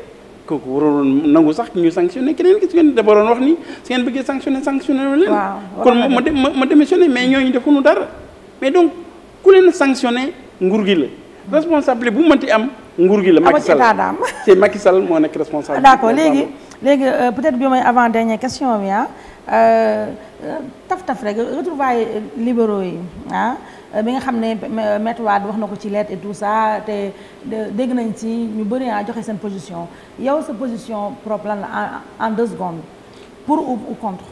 kooku waroon nangu sax ñu sanctionné keneen ki su ngeen da waroon wax ni su ngeen bëggee sanctionné sanctionné wu leen. kon ma ma mais ñooñu defuñu dara. mais donc ku leen sanctionné nguur gi la. responsable bu mënti am nguur gi la. Macky Sall c'est Macky Sall moo nekk responsable. Ah, d'accord léegi léegi euh, peut-être bi may avant dernière question bi ah euh, euh, taf taf rek retrouvailles libéraux yi ah. bi nga xam ne maître Wade wax na ko ci leerte et tout ça te dégg nañ si ñu bëri a ah joxe seen position yow sa position propre la en deux secondes pour ou contre.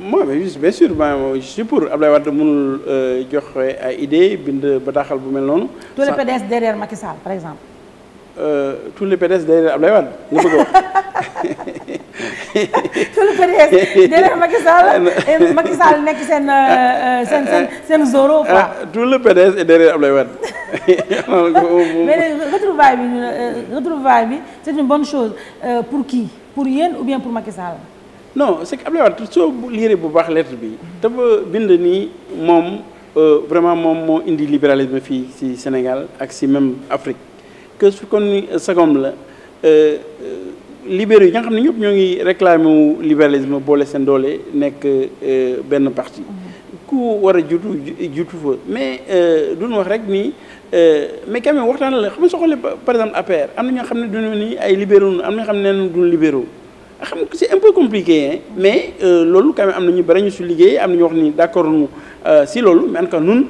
moi mais bien sûr ma je suis pour Ablaye Wade mënul euh, joxe ay idée bind bataaxal bu mel noonu. tout le PDS derrière Macky Sall par exemple. Euh, tout le PDS derrière Abdoulaye Wade nga bëgg a wax. tout le PDS derrière Macky ah, nekk seen euh, euh, ah, seen zoro ah, quoi. tout le PDS est derrière Abdoulaye Wade. mais nag retrouvaille bi retrouvaille bi c' une bonne chose pour qui pour yéen ou bien pour Macky Sall. non c' que Abdoulaye Wade soo liiree bu baax lettre bi dafa bind nii moom vraiment moom moo indi libéralisme fii ci Sénégal ak ci même Afrique. que su kon euh, sagom la euh, euh, libéraux yi nga xam ne ñëpp ñoo ngi réclamé wu libéralisme boole seen doole nekk benn parti mm-hmm. ku war a jutu jutu fa mais dunu wax rek nii mais quand même waxtaan la xam nga soo par exemple APR am na ñoo xam ne duñu ni a libéraux am na ñoo xam ne neen duñu libéraux xam nga c'est un peu compliqué hein mais loolu quand même am na ñu bari ñu su liggéey am na ñu wax ni d'accord nu si loolu mais en tout nun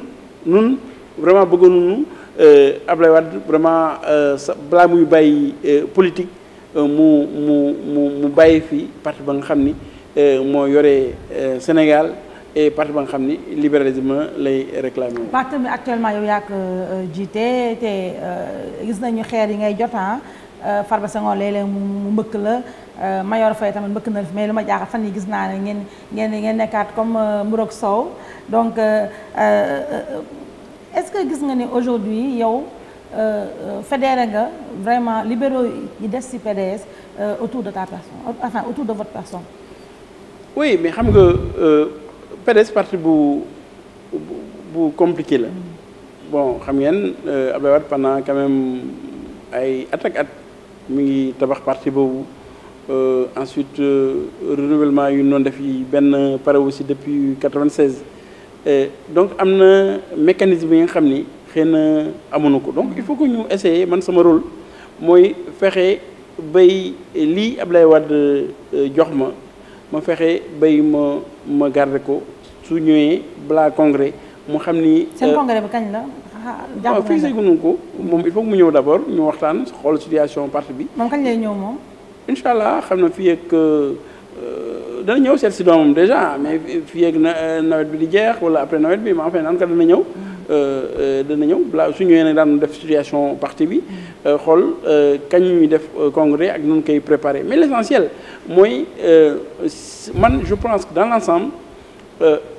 nun vraiment bëggoon nañu Euh, Ablaye Wade vraiment euh, sa balaa muy bàyyi euh, politique mu mu mu bàyyi fi parti ba nga xam ni moo yore Sénégal et parti ba nga xam ni libéralisme lay réclamé wu. parti actuellement yow yaa jiite te gis nañu xeer yi ngay jot ah, Farba Senghor léeg-léeg mu mbëkk la Mayor Faye tamit mbëkk na la fi mais lu ma jaaxal fan yi gis naa ne ngeen ngeen ngeen nekkaat comme mburoog soow donc. est-ce que gis nga ni aujourd'hui yow euh, euh, fédéré nga vraiment libéraux yi des ci PDS euh, autour de ta personne enfin autour de votre personne. oui mais xam nga PDS partie bu bu compliqué la. Mm. bon xam ngeen Abdoulaye Wade pendant quand même ay at ak at ngi tabax parti boobu. Euh, ensuite euh, renouvellement yu noon def yi benn parewu si depuis 96 Euh, donc am na mécanisme yi nga xam ni xëy na amuñu ko donc il faut que ñu essayer man sama rôle mooy fexe bay lii Ablaye Wade euh, jox ma ma fexe bay ma ma garder ko su ñëwee balaa congrès mu xam ni. Euh, seen congrès bi kañ la. Ah, waaw fii seegunu ko moom il faut mu ñëw d' abord ñu waxtaan xool situation parti bi. moom kañ lay ñëw moom. incha xam na fii ak. Euh, dana ñëw seet si doomam déjà mais fii ak euh, nawet bi di jeex wala après nawet bi ma enfin naan ko dana ñëw mm. euh, dana ñëw balaa su ñëwee nag daan def situation parti bi mm. xool kañ ñuy def congrès ak nun koy préparer mais l'essentiel mooy man je pense que dans l'ensemble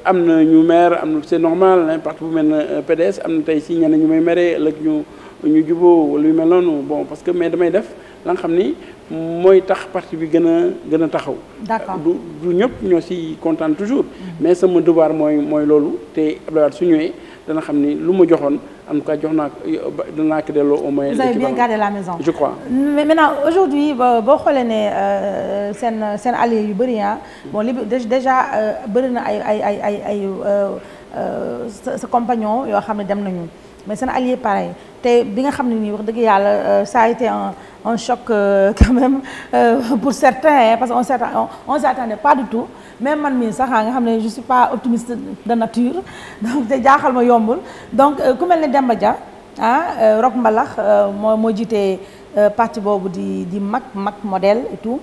am na ñu maire am na c'est normal parti bu mel ne PDS am na tey si ñenn ñu may mere ëllëg ñu ñu juboo wala yu mel noonu bon parce que mais damay def la nga xam ni mooy tax parti bi gën a gën a taxaw. d'accord du du ñëpp ñoo si kontaan toujours. Mm-hmm. mais sama devoir mooy mooy loolu te Abdoulaye su ñëwee dana xam ni lu ma joxoon am tout cas jox naa euh, danaa ko delloo au moins. vous avez bien gardé la maison je crois. mais maintenant aujourd'hui boo xoolee ne euh, seen seen allié yu bëri ah. bon li déjà euh, bëri na ay ay ay ay ay sa sa compagnon yoo xam ne dem nañu. mais seen allié pareil te bi nga xam ne nii wax dëgg yàlla euh, ça a été un un choc euh, quand même euh, pour certains parce que on s'attend on s'attendait pas du tout même man mii sax ah, nga xam ne je suis pas optimiste de nature donc te jaaxal ma yombul donc ku mel ne Demba Dia ah Rock Mbalax moo moo jiitee parti boobu di di mag mag modèle et tout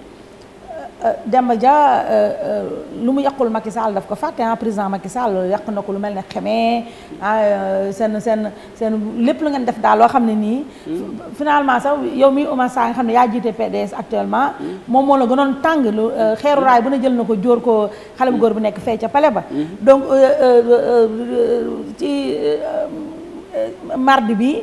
Demba Dia euh, euh, lu mu yàqul Macky Sall daf ko fàtte ah président Macky Sall yàq na ko lu mel ne xeme ah euh, seen seen seen lépp lu ngeen def daal loo xam ne nii. Hmm. finalement sax yow mi Oumar Sarr nga xam ne yaa jiite PDS actuellement. Hmm. moom moo la gënoon tàng lu hmm. xeeru raay bu ne jël na ko jóor ko xale bu góor bu nekk fee ca pale ba. donc ci mardi bi.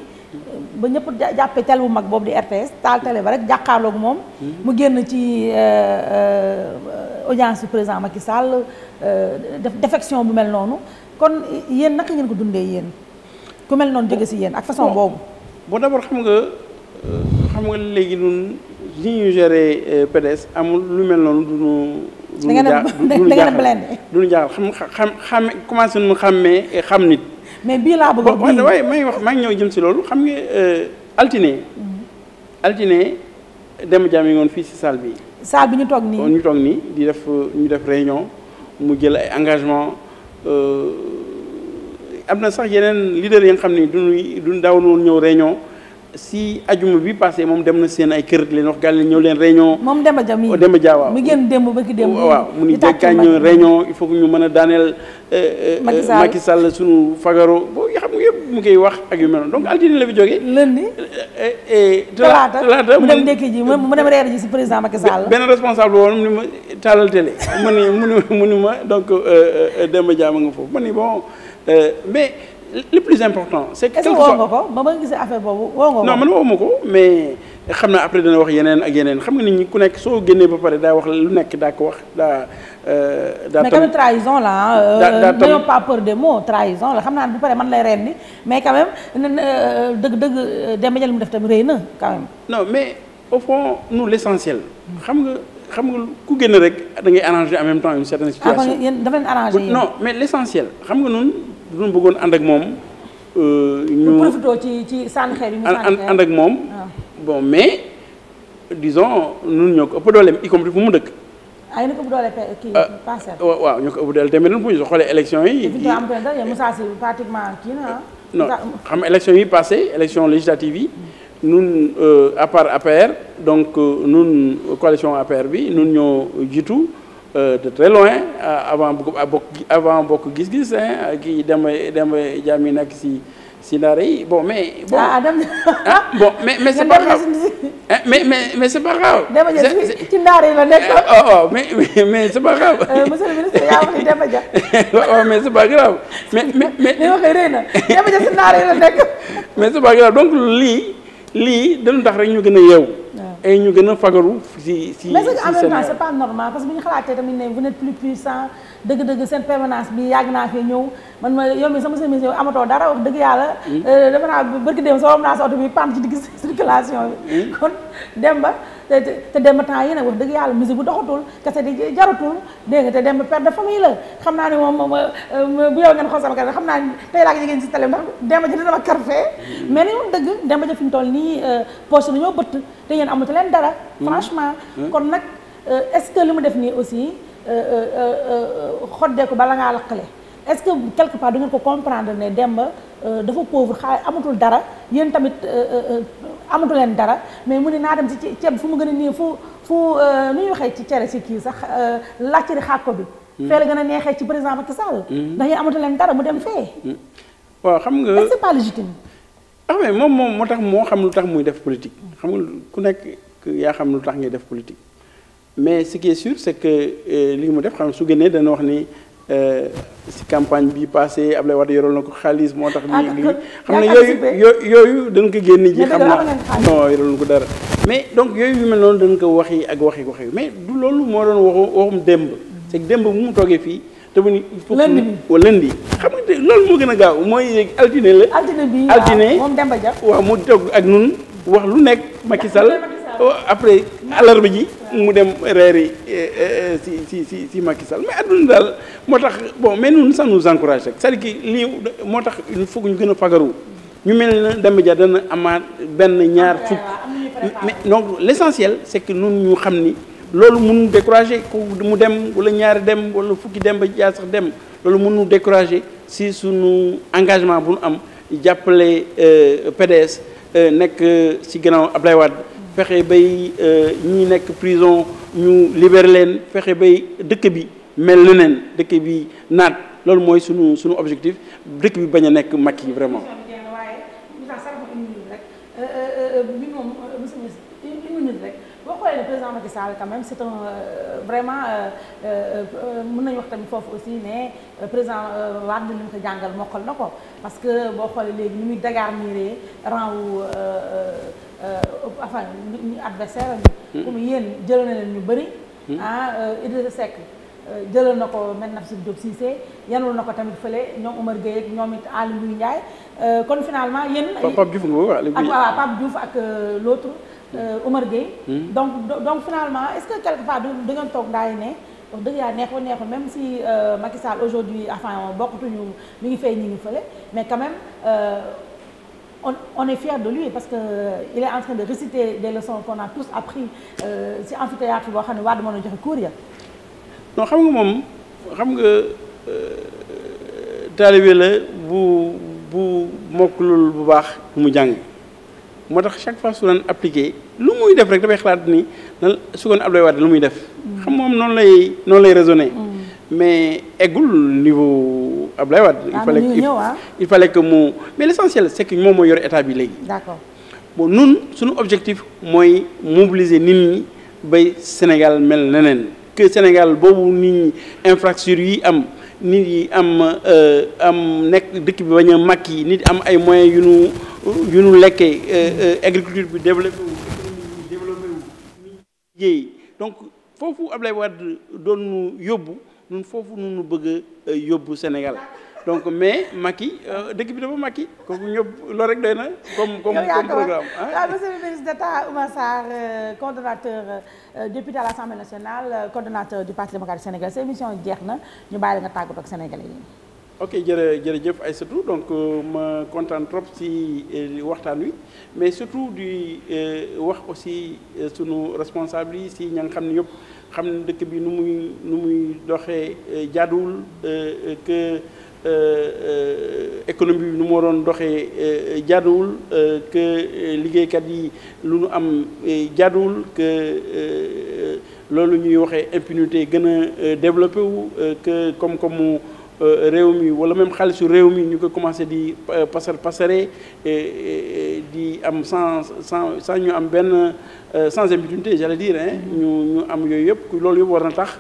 ba ñëpp jàppee télé bu mag boobu di RTS taal télé ba rek jàkkaarloog moom. mu génn ci euh, euh, audience du président Macky Sall euh, def défection bu mel noonu kon yéen naka ngeen ko dundee yéen ku mel noonu jóge si yéen ak façon boobu. bon d'abord xam nga xam nga léegi ñun li ñuy amul lu mel noonu duñu du ñu jaaxal da ngeen da ngeen blende. du xam xam xam commencé nu xàmmee xam nit. mais bii laa bëgg a. waaye may wax maa ngi ñëw jëm si loolu xam nga euh, altine. Mm-hmm. altine dem jàmm yi fii si salle bi. salle bi ñu toog nii ñu toog nii di def ñu def réunion mu jël ay engagement euh, am na sax yeneen leader yi nga xam ni duñu duñu daawoon woon ñëw réunion. si ajuma bi passé moom dem na seen ay kër leen wax gàll ñëw leen réunion. moom Demba Dia mii oh, Demba Dia waaw. mu génn démb ba ki démb. Oh, waaw mu ni dëkkaay ñëw réunion il ñu mën a daaneel. Euh, euh, euh, Macky Sall Macky Sall sunu fagaro boo xam nga wax ak yu mel noonu donc la fi jógee. lundi. talaata talaata mu dem ndekki ji mu dem reer ji si président Macky Sall. benn responsable woon mu ni ma taalal télé mu ni mu ni ma donc Demba Dia ma nga foofu ma ni bon mais. le plus important. c' est que quelque soit est ce que woo nga ko ba ma gisee affaire boobu woo nga ko. non man woo ma ko mais xam naa après dana wax yeneen ak yeneen xam nga nit ñi ku nekk soo génnee ba pare daa wax lu nekk daa ko wax daa. Euh, daa la euh, ah. n'ayons pas peur des mots trahison la xam naa bu pare man lay reen ni mais quand même euh, dëgg dëgg Demba Diallo mu def tamit rëy na quand même. mais au fond nous l' essentiel. xam nga xam nga ku génn rek da ngay arranger en même temps une certaine ah, situation. dafa leen xam nga noonu. duñu bëggoon ànd ak moom. Euh, ñu profité ci ci sànni xeer yi mu sànni ànd ak moom. Ah. bon mais disons ñun ñoo ko ëpp dooleem y fu mu dëkk. ay ah, ah, waaw ñu ko bu doole tamit bu ñu xoolee élection yi. fi am Moussa Sy pratiquement kii na non xam élection yi passé élection législative yi. nun euh, à part APR donc nun euh, coalition appaire bi nun ñoo jiitu. Euh, de très loin avant bokk avant bokk gis-gis kii Demba Demba Diamy nekk si si daara yi bon mais. bon ah, ah bon mais mais c'est pas grave eh, mais mais mais c'est pas grave. Demba Dia ci daara yi la nekkoon. Eh, oh oh mais mais c'est pas grave. Euh, monsieur le ministre yaa wax ni Demba Dia. waaw oh, oh, mais c'est pas grave. mais mais mais li ma koy rëy na Demba Dia si daara yi la nekk. mais c'est pas grave donc lii lii dañu tax rek ñu gën a yeewu. ay ñu gën a fagaru si si si. mais en même temps c'est pas normal parce que bu ñu xalaatee tamit ne vous n'êtes plus puissant dëgg-dëgg seen permanence bi yàgg naa fee ñëw man ma yow mi sama service yow amatoo dara wax dëgg yàlla hmm. euh, dafa naa bërki dem sa wam naa sa oto bi paan ci digg circulation bi hmm. kon dem ba te te dem ba temps yi dëgg yàlla musique bu doxatul kese di jaratul dégg nga te dem ba perte de famille xam naa ne moom bu yow ngeen xool xam naa ne tey laa ko jigéen si télé ndax dem ba ci dama karfee mais ni dëgg dem ba ci fi mu toll nii euh, poche dañoo bëtt te yéen amatu leen dara hmm. franchement kon nag euh, est-ce que li mu def nii aussi Euh, euh, euh, xoddeeku bala ngaa laqale est-ce que quelque part du ngeen ko comprendre ne ba dafa pauvre xaalis amatul dara yéen tamit amatu leen dara mais mu ne naa dem ci ceeb fu mu gën a nii fu fu nu ñuy waxee ci cere si kii sax lacciri xàkko bi. Hmm. fee la gën a neexee ci président Macky Sall. Hmm. ndax yéen amatu leen dara mu dem fee. Hmm. waaw xam nga c'est pas légitime. ah mais moom moom moo tax moo xam lu tax muy def politique xam nga ku nekk yaa xam lu tax ngay def politique. mais ce qui est sûr c' que euh, li mu def xam su génnee dana wax ni euh, si campagne bi passé Ablaye Wade yoroon na ko xaalis moo tax. Ah, lii xam ne yooyu yooyu yooyu dañ ko génn ji. xam na non ko dara. mais donc yooyu yu mel noonu dañ ko waxi ak waxi waxi mais du loolu moo doon waxu waxum démb. c' démb bu mu toogee fii. te bu ñu lënd bi lëndi xam nga te loolu moo gën a gaaw mooy altine la. altine bi waaw moom Demba Dia mu toog ak ñun wax lu nekk Macky Sall après alarba ji mu dem reeri eh, eh, si si si si Macky Sall mais adduna daal moo tax bon mais ñun ça nous encourage rek cest à lii moo tax il ñu gën a fagaru ñu mel na demb Dia dana amaat benn ñaar fukk mais donc l'essentiel c'est que ñun ñu xam ni loolu mënu décourager mu dem wala ñaari dem wala fukki Demba Dia sax dem loolu munu décourager si suñu engagement bu ñu am jàppale euh, PDS euh, nekk euh, si gannaaw Ablaye Wade fexe bay euh, ñi nekk prison ñu libéré leen fexe bay dëkk bi mel neneen dëkk bi naat loolu mooy sunu sunu objectif dëkk bi bañ a nekk mag yi vraiment. président Macky Sall quand même c'est un euh, vraiment euh, mun nañu wax tamit foofu aussi ne président Wade li mu jàngal mokkal na ko parce muy dagaar miiree rang Euh, afan ñu adversaire am hmm. comme yéen jël na leen ñu bëri hmm. ah euh, Idrissa Seck euh, jëlal na ko Me Nafissatou Diop Cissé yanul na ko tamit fële ñoom Omar Gueye ak ñoom it Aly Ngouille Ndiaye kon finalement yéen. Pape Diouf nga waaw ak ah, Pape Diouf ak l' autre Omar donc donc finalement est ce que quelque part da ngeen toog daal ne wax dëgg yàlla neexul neexul même si Macky Sall aujourd'hui enfin bokkatuñu mi ngi fay ñu ngi fële mais quand on, on parce que euh, il est en train de réciter des leçons qu'on a tous appris euh, ci amphithéâtre boo xam ne waa du mën a joxe cours ya xam nga moom xam nga euh, taalibe la bu bu mokkulul bu baax mu jàng moo tax chaque fois su doon appliqué lu muy def rek dafay xalaat ni nan su koon Abdoulaye Wade lu muy def mm. xam moom noonu lay noonu lay raisonné mm. mais eggul niveau Abdoulaye Wade il ah, fallait que ah. il fallait que mu mais l'essentiel c'est moom mooy yor état bi léegi d'accord bon nun suñu objectif mooy mobiliser nit ñi bay Sénégal mel neneen que Sénégal boobu nit ñi infrastructure yi am nit yi am euh, am nekk dëkk bi bañ a yi nit am ay moyens yu nu yu nu lekkee euh, euh, agriculture bi développé économie bi développé wu donc foofu Abdoulaye Wade doon yóbbu ñun foofu nu bëgg a euh, yóbbu Sénégal donc mais Macky euh, dëkk bi dafa Macky kooku ñëpp loo rek doy na comme comme comme programme waaw ah, monsieur le ministre d'État Oumar Sarr euh, coordonnateur député à l'Assemblée nationale coordonnateur du Parti démocratique sénégalais sa émission jeex na ñu bàyyi la nga tàggatoo ak sénégalais yi ok jërë jërëjëf Aïssatou donc ma kontaan trop si waxtaan wi mais surtout di wax aussi sunu responsable si ña xam ne yëpp xam ne dëkk bi nu muy nu muy doxee euh, jaaduwul euh, euh, que économie bi nu mu waroon doxee jaaduwul que liggéeykat yi lu nu am jaaduwul que loolu ñuy waxee impunité gën a développé wu que comme comme Euh, réew mi wala même xaalisu réew mii ñu ko commencé di euh, pasar pasare di am sans san sans ñu am benn euh, sans impunité j'allais dire hein mm-hmm. ñu ñu am yooyu yëpp loolu yëpp war na tax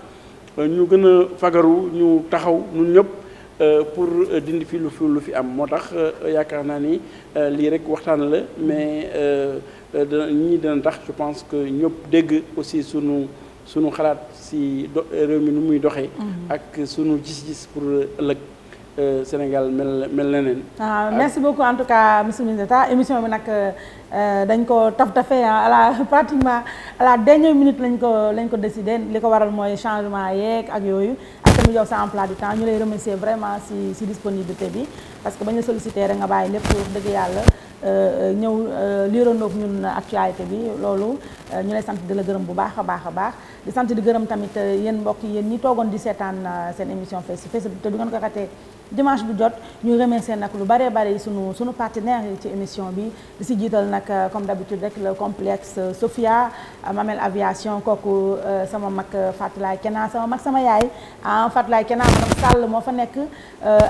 ñu gën a fagaru ñu taxaw ñun ñëpp pour dindi fi lu fi lu fi am moo tax yaakaar naa ni lii rek waxtaan la mais dana ñii dana tax je pense que ñëpp dégg aussi sunu sunu xalaat si do eh, réew mi nu muy doxee. Mm-hmm. ak sunu gis-gis pour eh, ëllëg. Eh, Sénégal mel mel leneen. waaw ah, merci beaucoup en tout cas monsieur le ministre émission bi nag dañ ko taf tafee ah, à la pratiquement à la dernière minute lañ ko lañ ko décidé li ko waral mooy changement yeeg ak yooyu. mu yow sa emploi du temps ñu lay remercier vraiment si si disponibilité bi parce que ba ñu sollicité rek nga bàyyi lépp wax dëgg yàlla euh, ñëw euh, liirandoog ñun actualité bi loolu euh, ñu lay sant di la gërëm bu baax a baax a baax di sant di gërëm tamit yéen mbokk yéen ñi toogoon di seetaan seen émission face to face te du ngeen ko xatee dimanche bu jot ñu remercier nag lu bare bare yi sunu sunu partenaires yi ci émission bi di si jiital nag euh, comme d'habitude rek le complexe euh, Sofia euh, Mamel aviation kooku sama mag Fatulaay Kena sama mag sama yaay ah Fatulaay Kena madame Sall moo fa nekk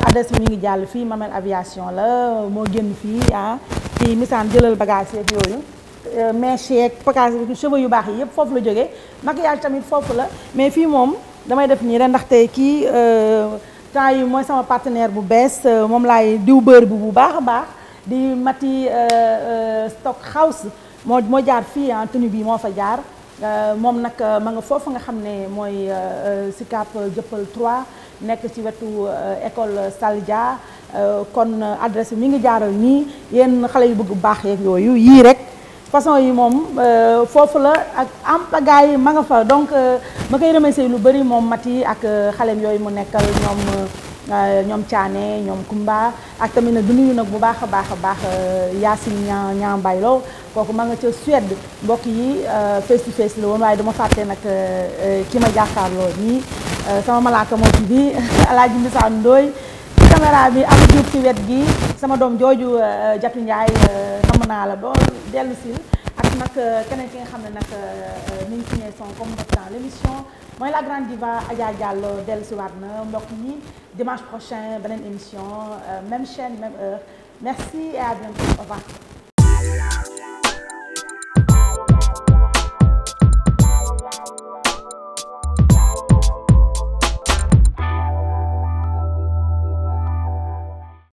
adresse mi ngi jàll fii Mamel aviation la moo génn fii ah ci misaan jëlal bagage yeeg yooyu mèche yeeg bagage cheveux yu baax yi yëpp foofu la jógee maquillage tamit foofu la mais fii moom damay def nii rek ndaxte kii temps yi mooy sama partenaire bu bees euh, moom laay diw bër bi bu baax a baax di Mati euh, euh, Stock House moo moo jaar fii en tenue bii moo fa jaar moom nag ma nga foofu nga xam ne mooy Sicap Jëppal 3 nekk ci wetu école Saldia kon adresse bi mi ngi jaaral nii yenn xale yu bëgg baax yeeg yooyu yii rek façon yi moom euh, foofu la ak am pagaay yi ma nga fa donc euh, ma koy remercier lu bëri moom mat yi ak euh, xalem yooyu mu nekkal ñoom ñoom Thiané ñoom Kumba ak tamit nag du nuyu nag bu baax a baax a baax Yacine ña ña Mbaylo kooku ma nga ca Suède mbokk yi face to face la woon waaye dama fàtte nag ki ma jàkkaarloo nii sama malaaka moo ci bi Alaaji Mbisaan Ndooy caméra bi am jub ci wet gi sama doom jooju euh, Jatu Njaay namm euh, naa la doon dellu sil ak nag euh, keneen ki nga xam ne nag mi ngi signé son combattant l' émission mooy la grande diva Adja Diallo dellu si waat na mbokk ñi dimanche prochain beneen émission même chaîne merci et à bientôt au revoir